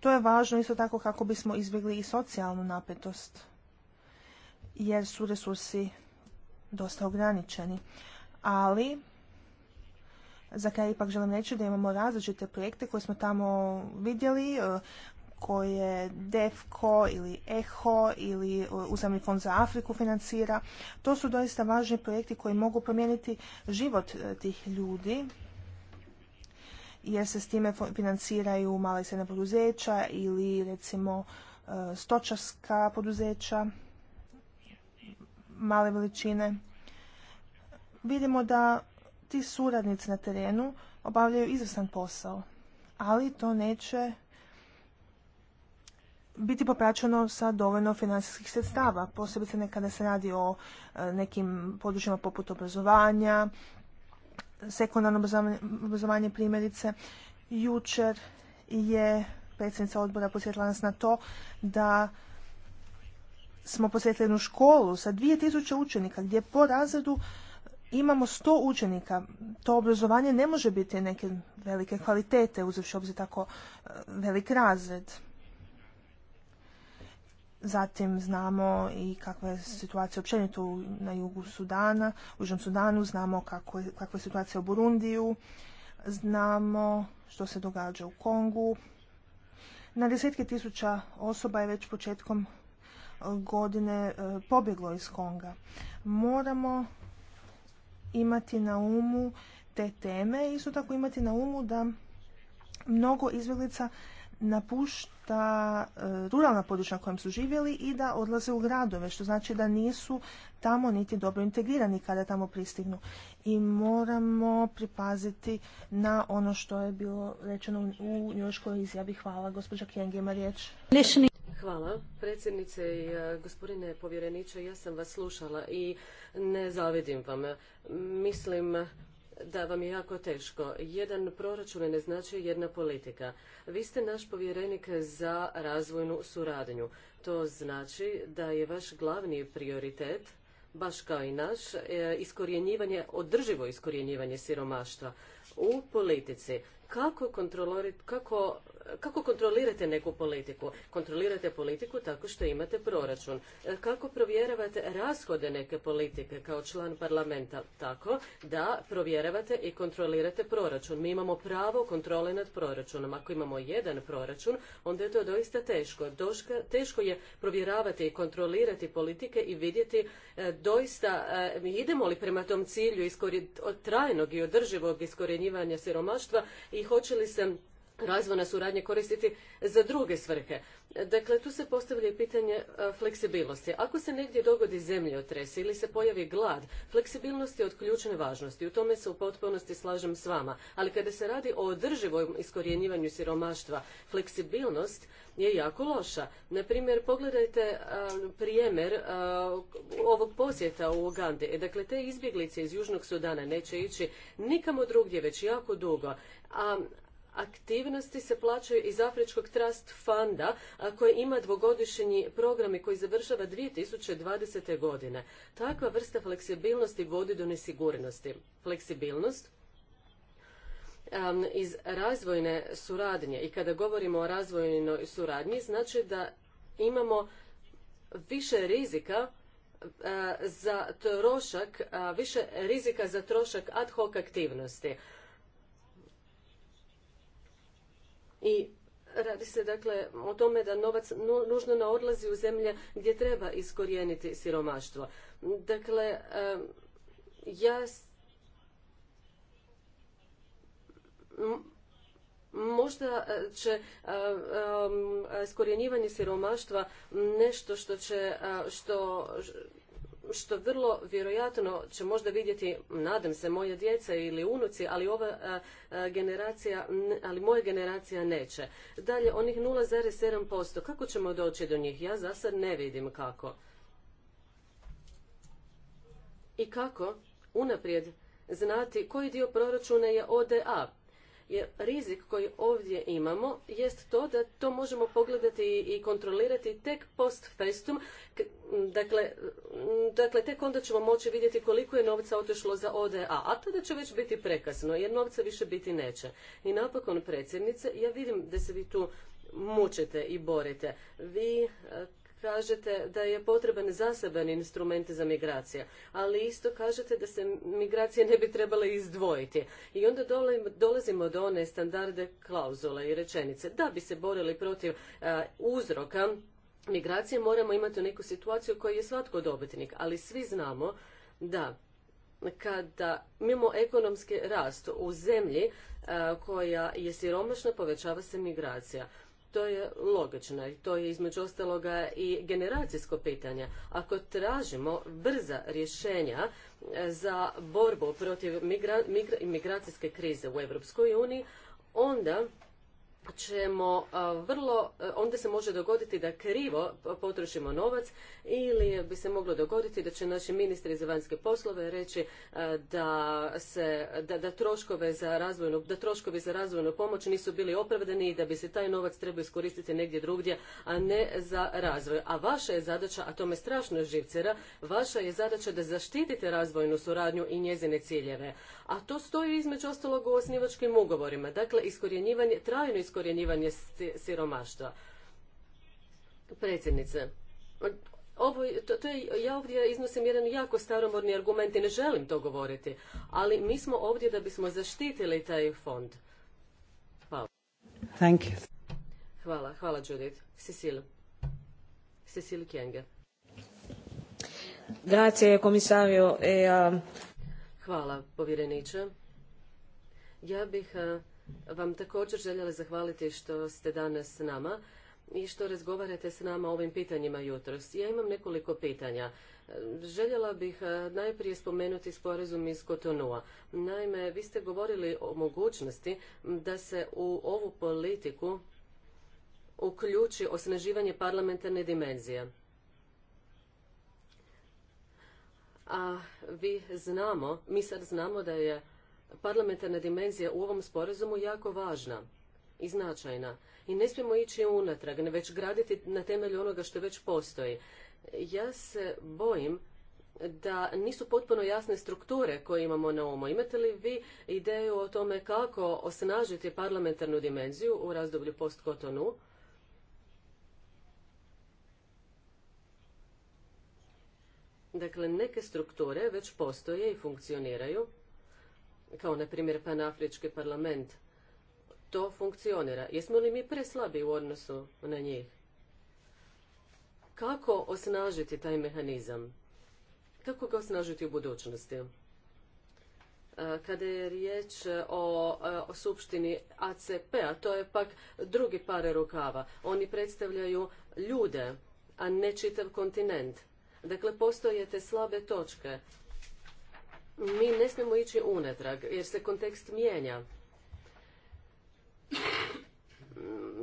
S2: To je važno isto tako kako bismo izbjegli i socijalnu napetost, jer su resursi dosta ograničeni. Ali, za kraj ipak želim reći da imamo različite projekte koje smo tamo vidjeli, koje DEFCO ili EHO ili e, Uzemni fond za Afriku financira. To su doista važni projekti koji mogu promijeniti život e, tih ljudi jer se s time financiraju mala i srednja poduzeća ili recimo e, stočarska poduzeća male veličine. Vidimo da ti suradnici na terenu obavljaju izvrstan posao, ali to neće biti popraćeno sa dovoljno financijskih sredstava, posebice kada se radi o e, nekim područjima poput obrazovanja, sekundarno obrazovanje primjerice. Jučer je predsjednica odbora posjetila nas na to da smo posjetili jednu školu sa 2000 učenika gdje po razredu imamo 100 učenika. To obrazovanje ne može biti neke velike kvalitete, uzevši obzir tako e, velik razred. Zatim znamo i kakva je situacija općenito na jugu Sudana, u Užem Sudanu, znamo kako je, kakva je situacija u Burundiju, znamo što se događa u Kongu. Na desetke tisuća osoba je već početkom godine e, pobjeglo iz Konga. Moramo imati na umu te teme i isto tako imati na umu da mnogo izbjeglica napušta e, ruralna područja na kojem su živjeli i da odlaze u gradove, što znači da nisu tamo niti dobro integrirani kada tamo pristignu. I moramo pripaziti na ono što je bilo rečeno u njojškoj izjavi. Hvala. Gospođa Kjeng ima riječ.
S3: Hvala. Predsjednice i e, gospodine povjereniče, ja sam vas slušala i ne zavidim vam. Mislim da vam je jako teško. Jedan proračun ne znači jedna politika. Vi ste naš povjerenik za razvojnu suradnju. To znači da je vaš glavni prioritet baš kao i naš, e, iskorjenjivanje, održivo iskorjenjivanje siromaštva u politici. Kako, kako kako kontrolirate neku politiku? Kontrolirate politiku tako što imate proračun. E, kako provjeravate rashode neke politike kao član parlamenta? Tako da provjeravate i kontrolirate proračun. Mi imamo pravo kontrole nad proračunom. Ako imamo jedan proračun, onda je to doista teško. Doška, teško je provjeravati i kontrolirati politike i vidjeti e, doista e, idemo li prema tom cilju iskori, trajnog i održivog iskorjenjivanja siromaštva i hoće li se razvojna suradnje koristiti za druge svrhe. Dakle, tu se postavlja i pitanje e, fleksibilnosti. Ako se negdje dogodi zemljotres ili se pojavi glad, fleksibilnost je od ključne važnosti. U tome se u potpunosti slažem s vama. Ali kada se radi o održivom iskorjenjivanju siromaštva, fleksibilnost je jako loša. Na primjer, pogledajte e, prijemer primjer ovog posjeta u Ugandi. E, dakle, te izbjeglice iz Južnog Sudana neće ići nikamo drugdje već jako dugo. A aktivnosti se plaćaju iz Afričkog Trust Funda koji ima dvogodišnji program i koji završava 2020. godine. Takva vrsta fleksibilnosti vodi do nesigurnosti. Fleksibilnost iz razvojne suradnje i kada govorimo o razvojnoj suradnji znači da imamo više rizika za trošak, više rizika za trošak ad hoc aktivnosti. i Radi se dakle o tome da novac nužno ne odlazi u zemlje gdje treba iskorijeniti siromaštvo. Dakle, ja možda će iskorjenjivanje siromaštva nešto što će, što, što vrlo vjerojatno će možda vidjeti, nadam se, moja djeca ili unuci, ali ova generacija, ali moja generacija neće. Dalje, onih 0,7%, kako ćemo doći do njih? Ja za sad ne vidim kako. I kako unaprijed znati koji dio proračuna je ODA, jer rizik koji ovdje imamo jest to da to možemo pogledati i kontrolirati tek post festum. Dakle, dakle, tek onda ćemo moći vidjeti koliko je novca otišlo za ODA, a tada će već biti prekasno jer novca više biti neće. I napokon predsjednice, ja vidim da se vi tu mučite i borite. Vi kažete da je potreban zaseban instrument za migracije, ali isto kažete da se migracije ne bi trebale izdvojiti. I onda dolazimo do one standarde klauzule i rečenice. Da bi se borili protiv e, uzroka migracije moramo imati neku situaciju kojoj je svatko dobitnik, ali svi znamo da kada imamo ekonomski rast u zemlji e, koja je siromašna povećava se migracija to je logično i to je između ostaloga i generacijsko pitanje. Ako tražimo brza rješenja e, za borbu protiv migracijske krize u Europskoj uniji, onda ćemo vrlo, e, onda se može dogoditi da krivo potrošimo novac ili bi se moglo dogoditi da će naši ministri za vanjske poslove reći e, da se, da, troškove za razvojnu, da troškovi za razvojnu pomoć nisu bili opravdani i da bi se taj novac trebao iskoristiti negdje drugdje, a ne za razvoj. A vaša je zadaća, a to me strašno živcera, vaša je zadaća da zaštitite razvojnu suradnju i njezine ciljeve. A to stoji između ostalog u osnivačkim ugovorima. Dakle, iskorjenjivanje, trajno iskorjenjivanje iskorjenjivanje siromaštva. Predsjednice, ovo, to, je, ja ovdje iznosim jedan jako staromorni argument i ne želim to govoriti, ali mi smo ovdje da bismo zaštitili taj fond. Hvala. Thank you. Hvala, hvala Judith. Cecil. Cecil Grazie, komisario. E, uh... Hvala, povjereniče. Ja bih vam također željela zahvaliti što ste danas s nama i što razgovarate s nama o ovim pitanjima jutros. Ja imam nekoliko pitanja. E, željela bih e, najprije spomenuti sporazum iz Kotonua. Naime, vi ste govorili o mogućnosti da se u ovu politiku uključi osnaživanje parlamentarne dimenzije. A vi znamo, mi sad znamo da je parlamentarna dimenzija u ovom sporazumu jako važna i značajna. I ne smijemo ići unatrag, ne već graditi na temelju onoga što već postoji. Ja se bojim da nisu potpuno jasne strukture koje imamo na umu. Imate li vi ideju o tome kako osnažiti parlamentarnu dimenziju u razdoblju post-Kotonu? Dakle, neke strukture već postoje i funkcioniraju kao na primjer Panafrički parlament, to funkcionira. Jesmo li mi preslabi u odnosu na njih? Kako osnažiti taj mehanizam? Kako ga osnažiti u budućnosti? Kada je riječ e, o, e, o supštini ACP-a, to je pak drugi par rukava. Oni predstavljaju ljude, a ne čitav kontinent. Dakle, postoje te slabe točke mi ne smijemo ići unatrag jer se kontekst mijenja.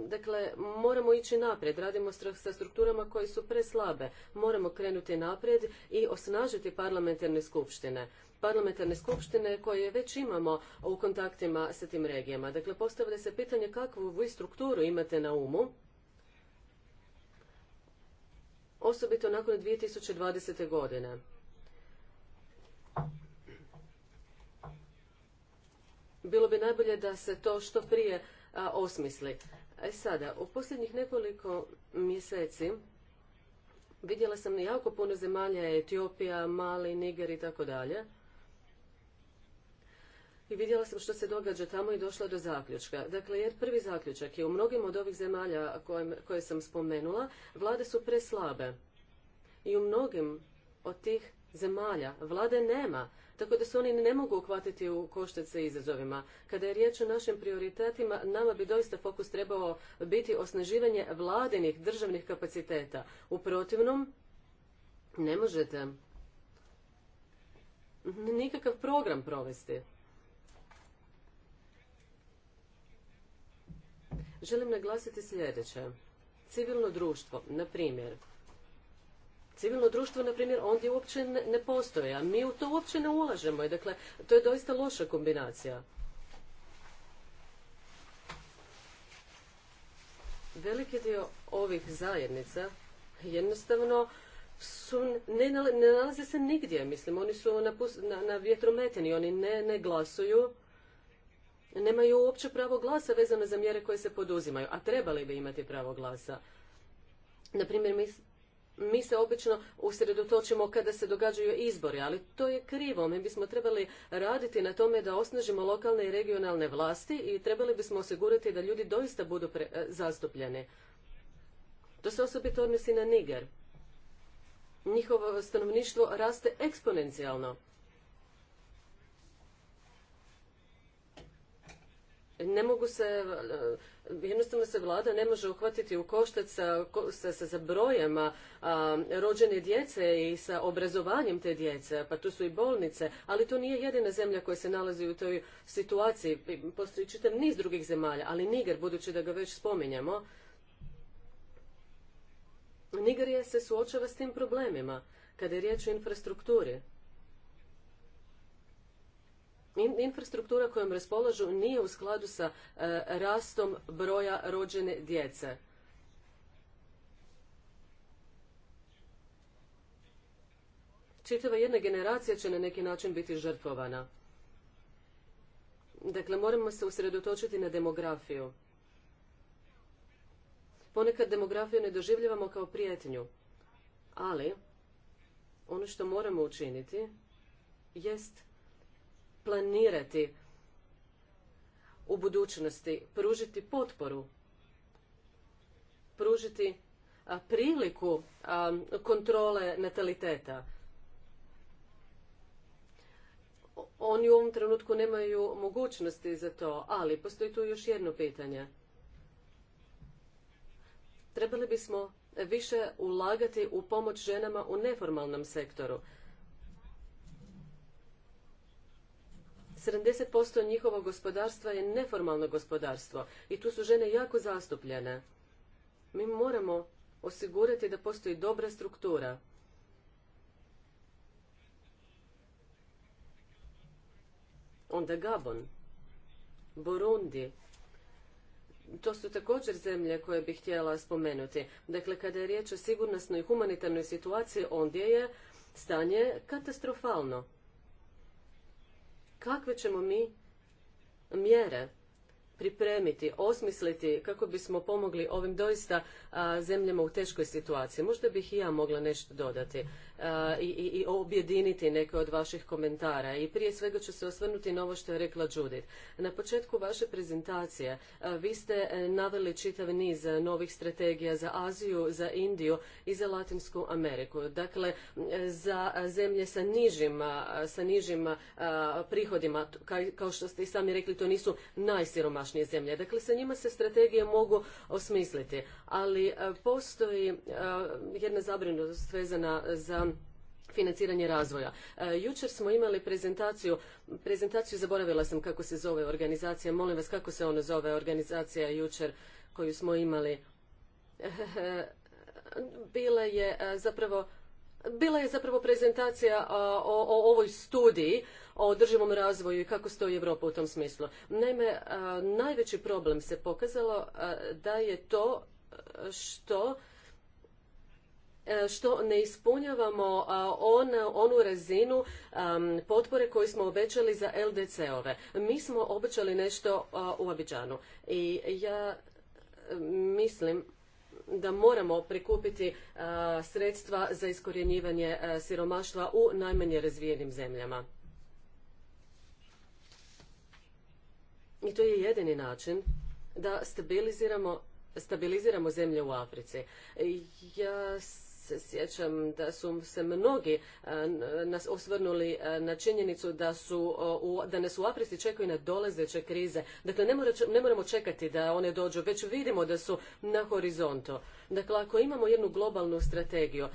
S3: Dakle, moramo ići naprijed, radimo sa strukturama koje su preslabe. Moramo krenuti naprijed i osnažiti parlamentarne skupštine. Parlamentarne skupštine koje već imamo u kontaktima sa tim regijama. Dakle, postavlja se pitanje kakvu vi strukturu imate na umu, osobito nakon 2020. godine bilo bi najbolje da se to što prije osmisli. E sada, u posljednjih nekoliko mjeseci vidjela sam jako puno zemalja, Etiopija, Mali, Niger i tako dalje. I vidjela sam što se događa tamo i došla do zaključka. Dakle, jer prvi zaključak je u mnogim od ovih zemalja koje, koje sam spomenula, vlade su preslabe. I u mnogim od tih zemalja vlade nema tako da se oni ne mogu uhvatiti u koštac sa izazovima. Kada je riječ o našim prioritetima, nama bi doista fokus trebao biti osnaživanje vladinih državnih kapaciteta. U protivnom, ne možete nikakav program provesti. Želim naglasiti sljedeće. Civilno društvo, na primjer, Civilno društvo, na primjer, ondje uopće ne postoje, a mi u to uopće ne ulažemo. I dakle, to je doista loša kombinacija. Veliki dio ovih zajednica jednostavno su, ne, nalaze se nigdje, mislim, oni su na, na, na vjetrometeni, oni ne, ne glasuju, nemaju uopće pravo glasa vezano za mjere koje se poduzimaju, a trebali bi imati pravo glasa. Naprimjer, mi mi se obično usredotočimo kada se događaju izbori, ali to je krivo. Mi bismo trebali raditi na tome da osnažimo lokalne i regionalne vlasti i trebali bismo osigurati da ljudi doista budu e, zastupljeni. To se osobito odnosi na Niger. Njihovo stanovništvo raste eksponencijalno. Ne mogu se e, jednostavno se vlada ne može uhvatiti u koštac sa, sa, brojama rođene djece i sa obrazovanjem te djece, pa tu su i bolnice, ali to nije jedina zemlja koja se nalazi u toj situaciji. Postoji čitav niz drugih zemalja, ali Niger, budući da ga već spominjemo, Nigerija se suočava s tim problemima kada je riječ o infrastrukturi infrastruktura kojom raspolažu nije u skladu sa e, rastom broja rođene djece. Čitava jedna generacija će na neki način biti žrtvovana. Dakle, moramo se usredotočiti na demografiju. Ponekad demografiju ne doživljavamo kao prijetnju, ali ono što moramo učiniti jest planirati u budućnosti, pružiti potporu, pružiti priliku kontrole nataliteta. Oni u ovom trenutku nemaju mogućnosti za to, ali postoji tu još jedno pitanje. Trebali bismo više ulagati u pomoć ženama u neformalnom sektoru. 70% njihovog gospodarstva je neformalno gospodarstvo i tu su žene jako zastupljene. Mi moramo osigurati da postoji dobra struktura. Onda Gabon, Burundi, to su također zemlje koje bih htjela spomenuti. Dakle, kada je riječ o sigurnosnoj i humanitarnoj situaciji, ondje je stanje katastrofalno kakve ćemo mi mjere pripremiti, osmisliti kako bismo pomogli ovim doista zemljama u teškoj situaciji. Možda bih i ja mogla nešto dodati. E, i, i objediniti neke od vaših komentara. I prije svega ću se osvrnuti na ovo što je rekla Judith. Na početku vaše prezentacije e, vi ste e, naveli čitav niz novih strategija za Aziju, za Indiju i za Latinsku Ameriku. Dakle, za zemlje sa nižim, sa nižim prihodima, kao što ste i sami rekli, to nisu najsiromašnije zemlje. Dakle, sa njima se strategije mogu osmisliti, ali postoji jedna zabrinutost vezana za financiranje razvoja. E, jučer smo imali prezentaciju, prezentaciju zaboravila sam kako se zove organizacija, molim vas kako se ona zove organizacija jučer koju smo imali. <laughs> Bila je e, zapravo bila je zapravo prezentacija o, o ovoj studiji o održivom razvoju i kako stoji Europa u tom smislu. Naime, e, najveći problem se pokazalo da je to što E, što ne ispunjavamo onu razinu potpore koju smo obećali za LDC-ove. Mi smo obećali nešto u Abidžanu i ja e, mislim da moramo prikupiti sredstva za iskorjenjivanje e, siromaštva u najmanje razvijenim zemljama. I to je jedini način da stabiliziramo, stabiliziramo zemlje u Africi. Ja se sjećam da su se mnogi e, nas osvrnuli e, na činjenicu da, su, da nas u apristi čekaju na dolazeće krize. Dakle, ne, ne moramo čekati da one dođu, već vidimo da su na horizontu. Dakle, ako imamo jednu globalnu strategiju,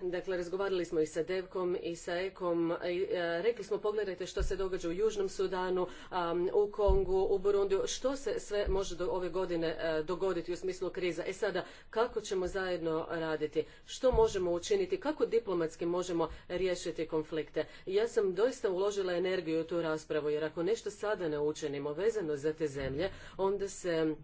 S3: Dakle, razgovarali smo i sa Devkom i sa Ekom. I, e, rekli smo pogledajte što se događa u Južnom Sudanu, u Kongu, u Burundiju, što se sve može do ove godine e, dogoditi u smislu kriza. E sada, kako ćemo zajedno raditi? Što možemo učiniti? Kako diplomatski možemo riješiti konflikte? Ja sam doista uložila energiju u tu raspravu, jer ako nešto sada ne učinimo vezano za te zemlje, onda se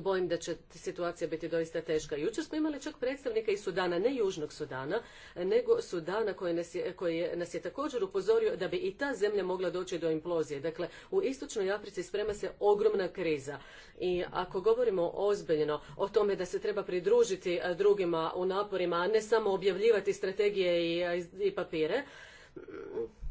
S3: bojim da će situacija biti doista teška. Jučer smo imali čak predstavnika iz Sudana, ne Južnog Sudana, nego Sudana koji nas, je, koji nas je također upozorio da bi i ta zemlja mogla doći do implozije. Dakle, u Istočnoj Africi sprema se ogromna kriza. I ako govorimo ozbiljno o tome da se treba pridružiti e, drugima u naporima, a ne samo objavljivati strategije i, e, i papire,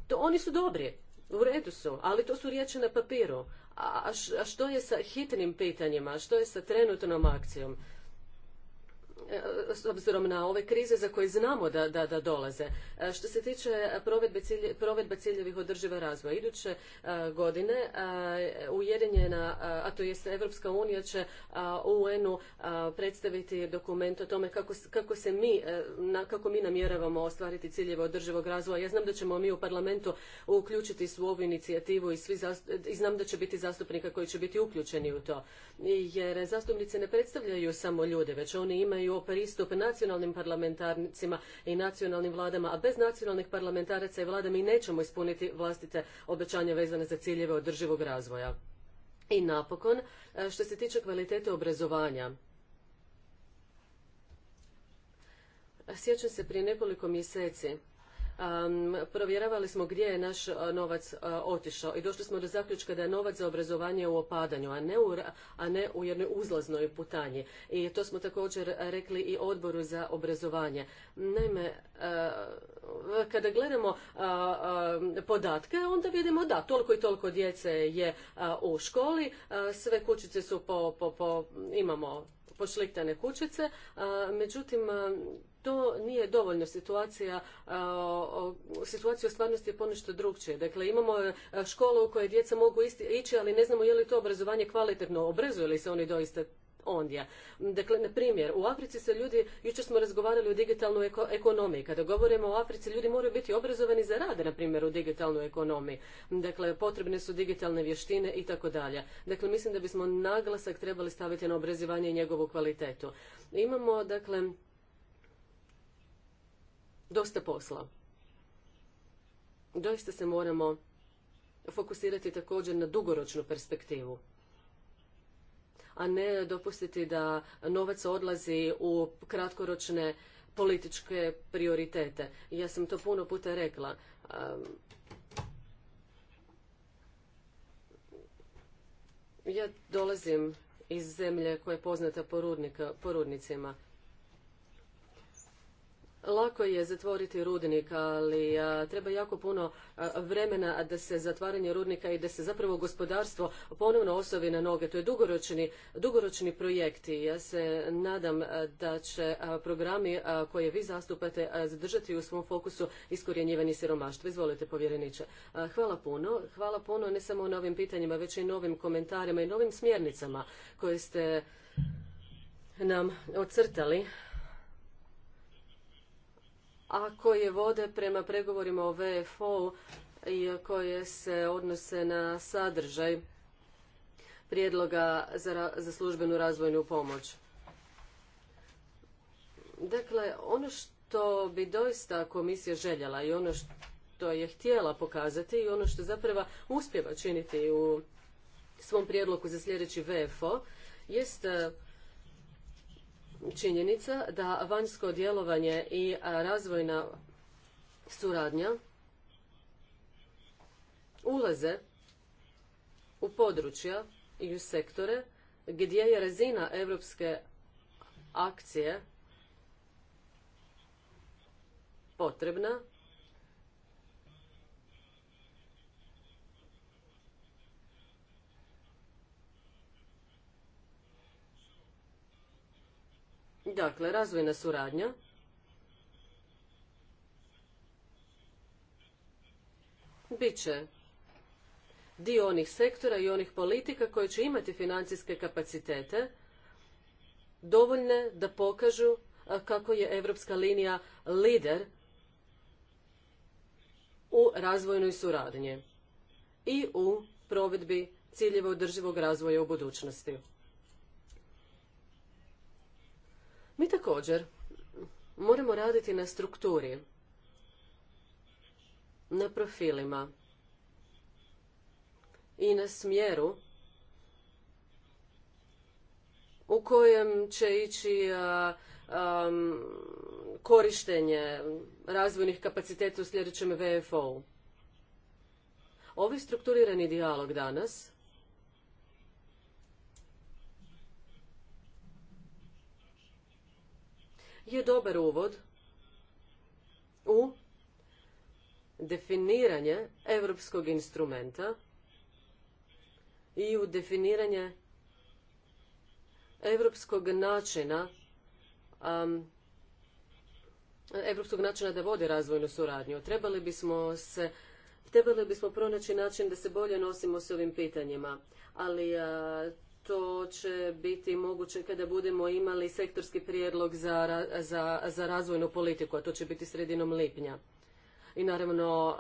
S3: to oni su dobri. U redu su, ali to su riječi na papiru. A što je sa hitnim pitanjima? Što je sa trenutnom akcijom? s obzirom na ove krize za koje znamo da, dolaze. E, što se tiče provedbe, ciljevih održiva razvoja, iduće e, godine e, Ujedinjena, a to jest Evropska unija će UN-u predstaviti dokument o tome kako, se mi, kako mi namjeravamo ostvariti ciljeve održivog razvoja. Ja znam da ćemo mi u parlamentu uključiti svu ovu inicijativu i, svi i znam da će biti zastupnika koji će biti uključeni u to. Jer zastupnici ne predstavljaju samo ljude, već oni imaju pristup nacionalnim parlamentarnicima i nacionalnim vladama, a bez nacionalnih parlamentaraca i vlada mi nećemo ispuniti vlastite obećanja vezane za ciljeve održivog razvoja. I napokon, e, što se tiče kvalitete obrazovanja, sjećam se prije nekoliko mjeseci provjeravali smo gdje je naš novac otišao i došli smo do zaključka da je novac za obrazovanje u opadanju, a ne u, a ne u jednoj uzlaznoj putanji. I to smo također rekli i odboru za obrazovanje. Naime, kada gledamo podatke, onda vidimo da toliko i toliko djece je u školi, sve kućice su po, po, po imamo pošliktane kućice, međutim to nije dovoljno. Situacija, situacija u stvarnosti je ponešto drugčije. Dakle, imamo e, školu u kojoj djeca mogu ići, ali ne znamo je li to obrazovanje kvalitetno, Obrazuje li se oni doista ondje. Dakle, na primjer, u Africi se ljudi, jučer smo razgovarali o digitalnoj ekonomiji. Kada govorimo o Africi, ljudi moraju biti obrazovani za rade, na primjer, u digitalnoj ekonomiji. Dakle, potrebne su digitalne vještine i tako dalje. Dakle, mislim da bismo naglasak trebali staviti na obrazovanje i njegovu kvalitetu. Imamo, dakle, dosta posla. Doista se moramo fokusirati također na dugoročnu perspektivu a ne dopustiti da novac odlazi u kratkoročne političke prioritete. Ja sam to puno puta rekla. Ja dolazim iz zemlje koja je poznata po, rudnicima. Lako je zatvoriti rudnik, ali treba jako puno vremena da se zatvaranje rudnika i da se zapravo gospodarstvo ponovno osovi na noge. To je dugoročni, dugoročni projekt i ja se nadam da će programi koje vi zastupate zadržati u svom fokusu iskorjenjivanje siromaštva. Izvolite povjereniče. Hvala puno. Hvala puno ne samo na ovim pitanjima, već i novim komentarima i novim smjernicama koje ste nam ocrtali a koje vode prema pregovorima o VFO-u i koje se odnose na sadržaj prijedloga za, službenu razvojnu pomoć. Dakle, ono što bi doista komisija željela i ono što je htjela pokazati i ono što zapravo uspjeva činiti u svom prijedlogu za sljedeći VFO jest činjenica da vanjsko djelovanje i e, razvojna suradnja ulaze u područja i u sektore gdje je razina europske akcije potrebna Dakle, razvojna suradnja. Biće dio onih sektora i onih politika koje će imati financijske kapacitete dovoljne da pokažu kako je europska linija lider u razvojnoj suradnji i u provedbi ciljeva održivog razvoja u budućnosti. Mi također moramo raditi na strukturi, na profilima i na smjeru u kojem će ići korištenje razvojnih kapaciteta u sljedećem VFO-u. Ovi strukturirani dijalog danas je dobar uvod u definiranje europskog instrumenta i u definiranje europskog načina europskog načina da vode razvojnu suradnju. Trebali bismo se trebali bismo pronaći način da se bolje nosimo s ovim pitanjima, ali to će biti moguće kada budemo imali sektorski prijedlog za, razvojnu politiku, a to će biti sredinom lipnja. I naravno,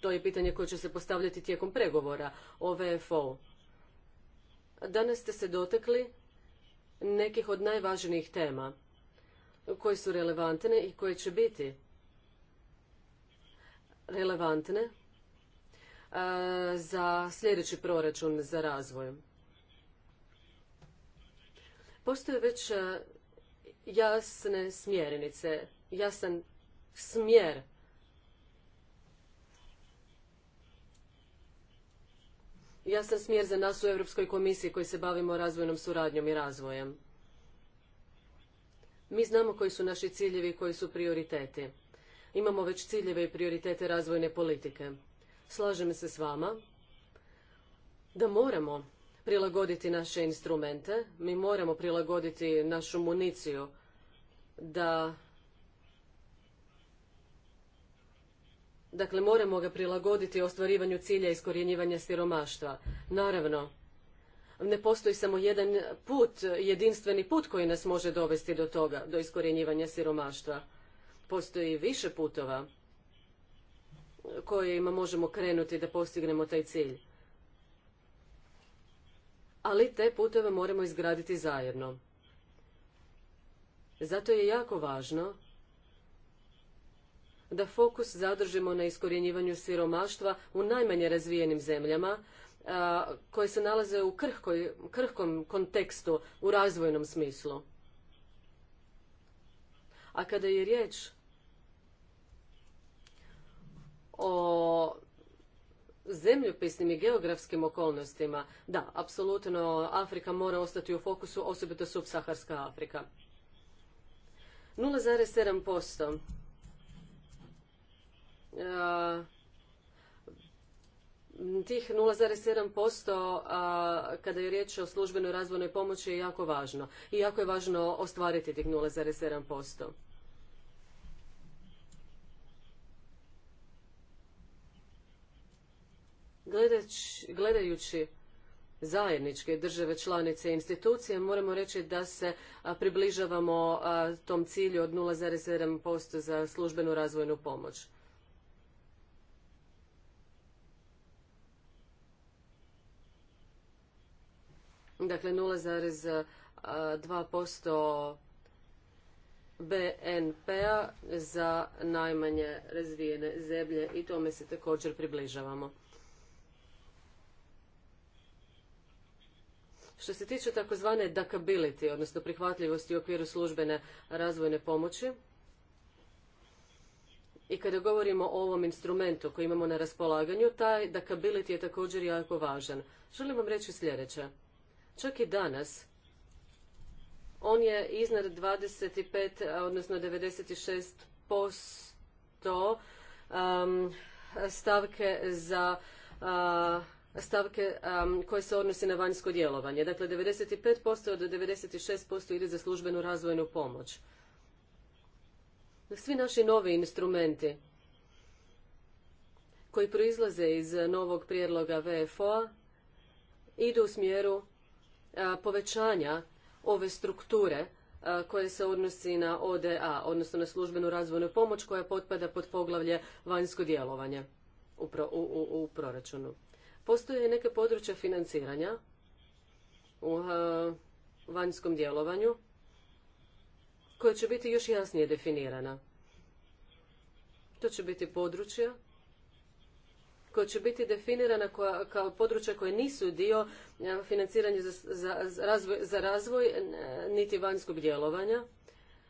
S3: to je pitanje koje će se postavljati tijekom pregovora o VFO. Danas ste se dotekli nekih od najvažnijih tema koje su relevantne i koje će biti relevantne e, za sljedeći proračun za razvoj. Postoje već e, jasne smjernice, jasan smjer jasan smjer za nas u Europskoj komisiji koji se bavimo razvojnom suradnjom i razvojem. Mi znamo koji su naši ciljevi i koji su prioriteti. Imamo već ciljeve i prioritete razvojne politike. Slažem se s vama da moramo prilagoditi naše instrumente, mi moramo prilagoditi našu municiju da Dakle, moramo ga prilagoditi ostvarivanju cilja iskorjenjivanja siromaštva. Naravno, ne postoji samo jedan put, jedinstveni put koji nas može dovesti do toga, do iskorjenjivanja siromaštva. Postoji više putova kojima možemo krenuti da postignemo taj cilj ali te puteve moramo izgraditi zajedno. Zato je jako važno da fokus zadržimo na iskorjenjivanju siromaštva u najmanje razvijenim zemljama, koje se nalaze u krhkom kontekstu u razvojnom smislu. A kada je riječ o zemljopisnim i geografskim okolnostima, da, apsolutno Afrika mora ostati u fokusu, osobito subsaharska Afrika. 0,7% e, tih 0,7% e, kada je riječ o službenoj razvojnoj pomoći je jako važno. I jako je važno ostvariti tih 0,7%. gledajući zajedničke države članice i institucije moramo reći da se približavamo tom cilju od posto za službenu razvojnu pomoć. Dakle 0,2% BNP-a za najmanje razvijene zemlje i tome se također približavamo. Što se tiče takozvane dakability, odnosno prihvatljivosti u okviru službene razvojne pomoći, i kada govorimo o ovom instrumentu koji imamo na raspolaganju, taj dakability je također jako važan. Želim vam reći sljedeće. Čak i danas, on je iznad 25, odnosno 96% um, stavke za uh, stavke koje se odnose na vanjsko djelovanje. Dakle, 95% do 96% ide za službenu razvojnu pomoć. Svi naši novi instrumenti koji proizlaze iz novog prijedloga vfo idu u smjeru povećanja ove strukture koja koje se odnosi na ODA, odnosno na službenu razvojnu pomoć koja potpada pod poglavlje vanjsko djelovanje u, u proračunu. Postoje neke područja financiranja u e, vanjskom djelovanju koja će biti još jasnije definirana. To će biti područja koja će biti definirana kao područja koje nisu dio e, financiranja za, razvoj, e, niti vanjskog djelovanja.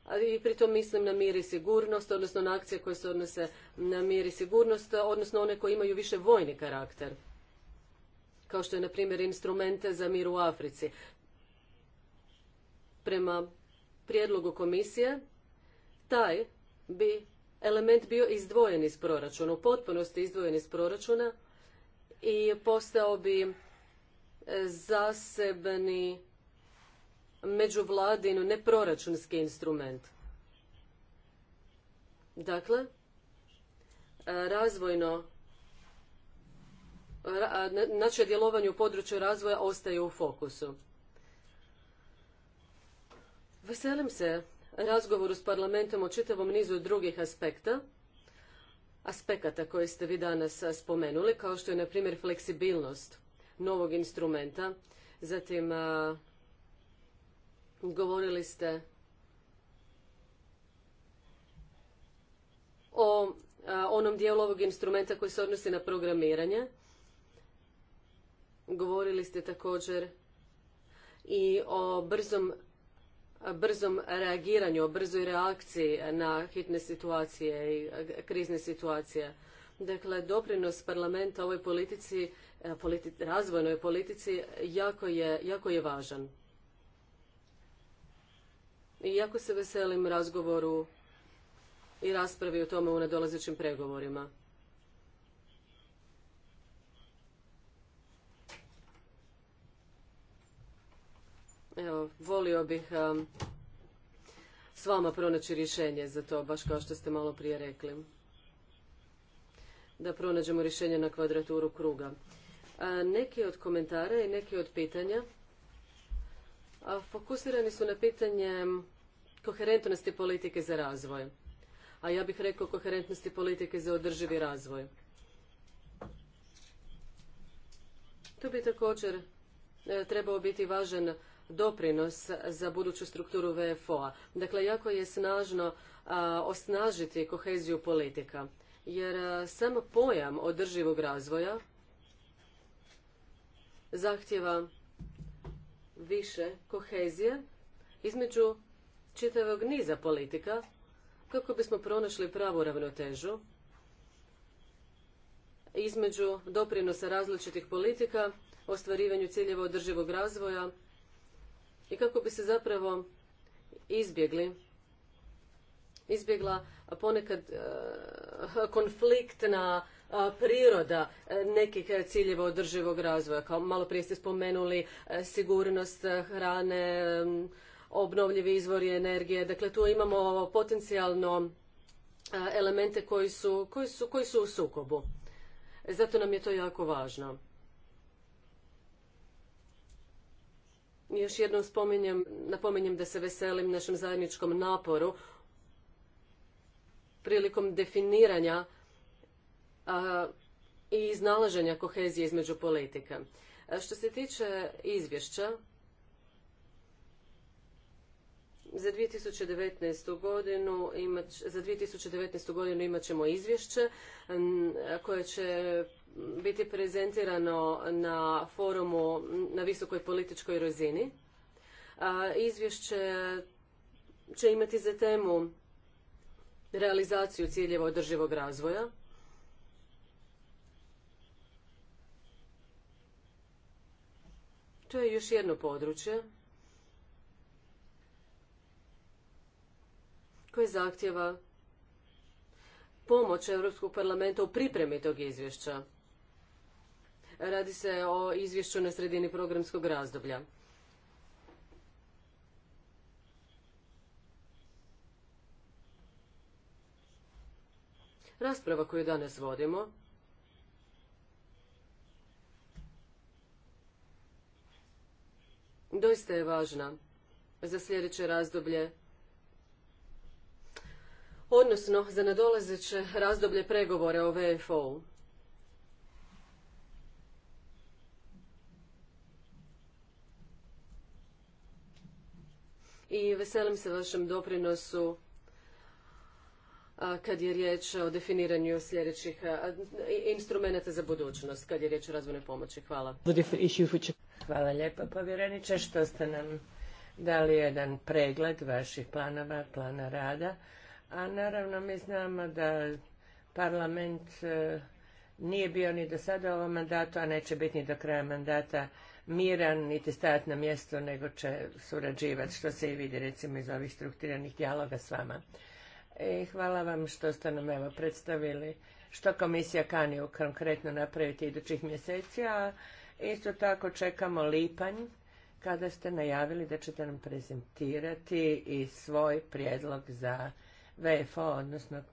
S3: Ali i pritom mislim na mir i sigurnost, odnosno na akcije koje se odnose na mir i sigurnost, odnosno one koje imaju više vojni karakter kao što je na primjer instrumente za mir u Africi. Prema prijedlogu komisije, taj bi element bio izdvojen iz proračuna, u potpunosti izdvojen iz proračuna i postao bi e, zasebni međuvladin neproračunski instrument. Dakle, e, razvojno naše djelovanje u području razvoja ostaje u fokusu. Veselim se razgovoru s parlamentom o čitavom nizu drugih aspekta, aspekata koje ste vi danas spomenuli, kao što je, na primjer, fleksibilnost novog instrumenta. Zatim, govorili ste o onom dijelu ovog instrumenta koji se odnosi na programiranje Govorili ste također i o brzom reagiranju, o brzoj reakciji na hitne situacije i krizne situacije. Dakle, doprinos parlamenta ovoj politici, eh, razvojnoj politici jako je, jako je važan. I jako se veselim razgovoru i raspravi o tome u nadolazećim pregovorima. Evo, volio bih s vama pronaći rješenje za to, baš kao što ste malo prije rekli. Da pronađemo rješenje na kvadraturu kruga. A neki od komentara i neki od pitanja a fokusirani su na pitanje koherentnosti politike za razvoj. A ja bih rekao koherentnosti politike za održivi razvoj. To bi također e, trebao biti važan doprinos za buduću strukturu VFO-a. Dakle, jako je snažno osnažiti koheziju politika, jer sam pojam održivog razvoja zahtjeva više kohezije između čitavog niza politika kako bismo pronašli pravu ravnotežu između doprinosa različitih politika, ostvarivanju ciljeva održivog razvoja i kako bi se zapravo izbjegli izbjegla ponekad e, konfliktna e, priroda e, nekih ciljeva održivog razvoja. Kao malo prije ste spomenuli sigurnost hrane, obnovljivi izvori energije. Dakle, tu imamo potencijalno elemente koji su, koji su u sukobu. Zato nam je to jako važno. Još jednom spominjem, napominjem da se veselim našem zajedničkom naporu prilikom definiranja i iznalaženja kohezije između politika. što se tiče izvješća, za 2019. godinu imat, za 2019. godinu imat ćemo izvješće koje će biti prezentirano na forumu na visokoj političkoj razini. Izvješće će imati za temu realizaciju ciljeva održivog razvoja. To je još jedno područje koje zahtjeva pomoć Europskog parlamenta u pripremi tog izvješća. Radi se o izvješću na sredini programskog razdoblja. Rasprava koju danas vodimo doista je važna za sljedeće razdoblje, odnosno za nadolazeće razdoblje pregovore o VFO-u. i veselim se vašem doprinosu kad je riječ o definiranju sljedećih instrumenta za budućnost, kad je riječ o razvojnoj pomoći. Hvala.
S1: Hvala lijepa, povjereniče, što ste nam dali jedan pregled vaših planova, plana rada. A naravno mi znamo da parlament e, nije bio ni do sada u ovom mandatu, a neće biti ni do kraja mandata miran niti stajati na mjesto nego će surađivati, što se i vidi recimo iz ovih strukturiranih dijaloga s vama. I e, hvala vam što ste nam evo predstavili što komisija kani konkretno napraviti idućih mjeseci, a isto tako čekamo lipanj kada ste najavili da ćete nam prezentirati i svoj prijedlog za VFO, odnosno